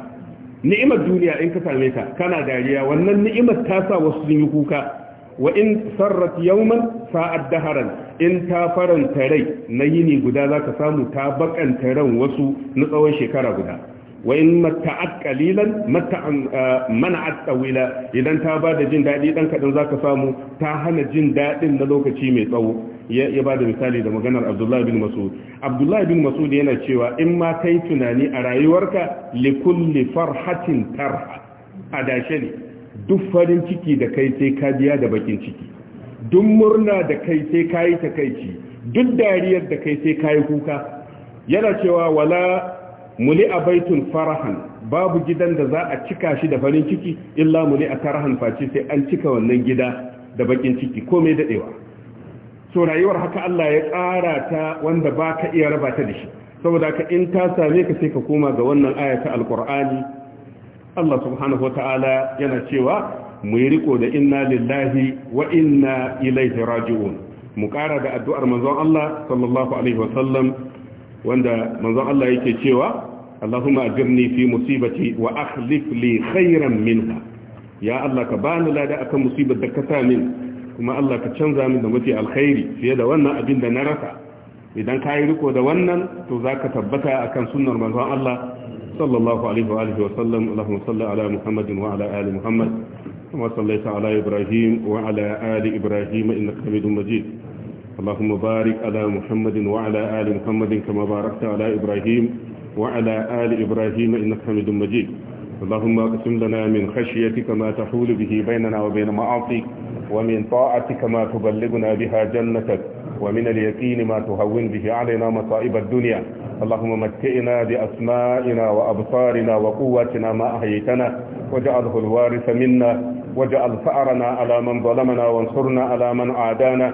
ni'imar duniya in ka same ta kana dariya wannan ni'imar ta sa wasu sun yi kuka wa in sarrat yawman sa'ad daharan in ta faranta rai na yini guda zaka samu ta bakanta ran wasu na tsawon shekara guda wa in matta'at qalilan matta'an eh, mana'at tawila idan ta bada jin dadi dan kadan zaka samu ta hana jin dadin na lokaci mai tsawo ya bada misali da maganar Abdullah bin Mas'ud Abdullah bin Mas'ud yana cewa in ma kai tunani a rayuwarka li kulli farhatin tarha adashe ne duk farin ciki da kai sai ka biya da bakin ciki duk murna da kai sai ka yi takaici duk dariyar da kai sai ka yi kuka yana cewa wala muli a baitun farahan babu gidan da za a cika shi da farin ciki illa muli a farahan face sai an cika wannan gida da bakin ciki komai dadewa so rayuwar haka Allah ya tsara ta wanda ba ka iya rabata da shi saboda ka in ta same ka sai ka koma ga wannan ayata alkur'ani Allah subhanahu wata'ala yana cewa mu yi riko da inna lillahi wa inna ilaihi raji'un mu ƙara da addu'ar manzon Allah sallallahu alaihi wasallam wanda manzon Allah yake cewa Allahumma ajirni fi musibati wa akhlif li khairan minha ya Allah ka bani lada akan musibar da ka sa min kuma Allah ka canza min da mafi alkhairi fiye da wannan abin da na rasa idan ka yi riko da wannan to za ka tabbata a kan sunnar manzon Allah صلى الله عليه وآله وسلم اللهم صل على محمد وعلى آل محمد كما صليت على إبراهيم وعلى آل إبراهيم إنك حميد مجيد اللهم بارك على محمد وعلى آل محمد كما باركت على إبراهيم وعلى آل إبراهيم إنك حميد مجيد اللهم اقسم لنا من خشيتك ما تحول به بيننا وبين معاصيك ومن طاعتك ما تبلغنا بها جنتك ومن اليقين ما تهون به علينا مصائب الدنيا اللهم متئنا بأسمائنا وأبصارنا وقواتنا ما أحييتنا واجعله الوارث منا واجعل فأرنا على من ظلمنا وانصرنا على من عادانا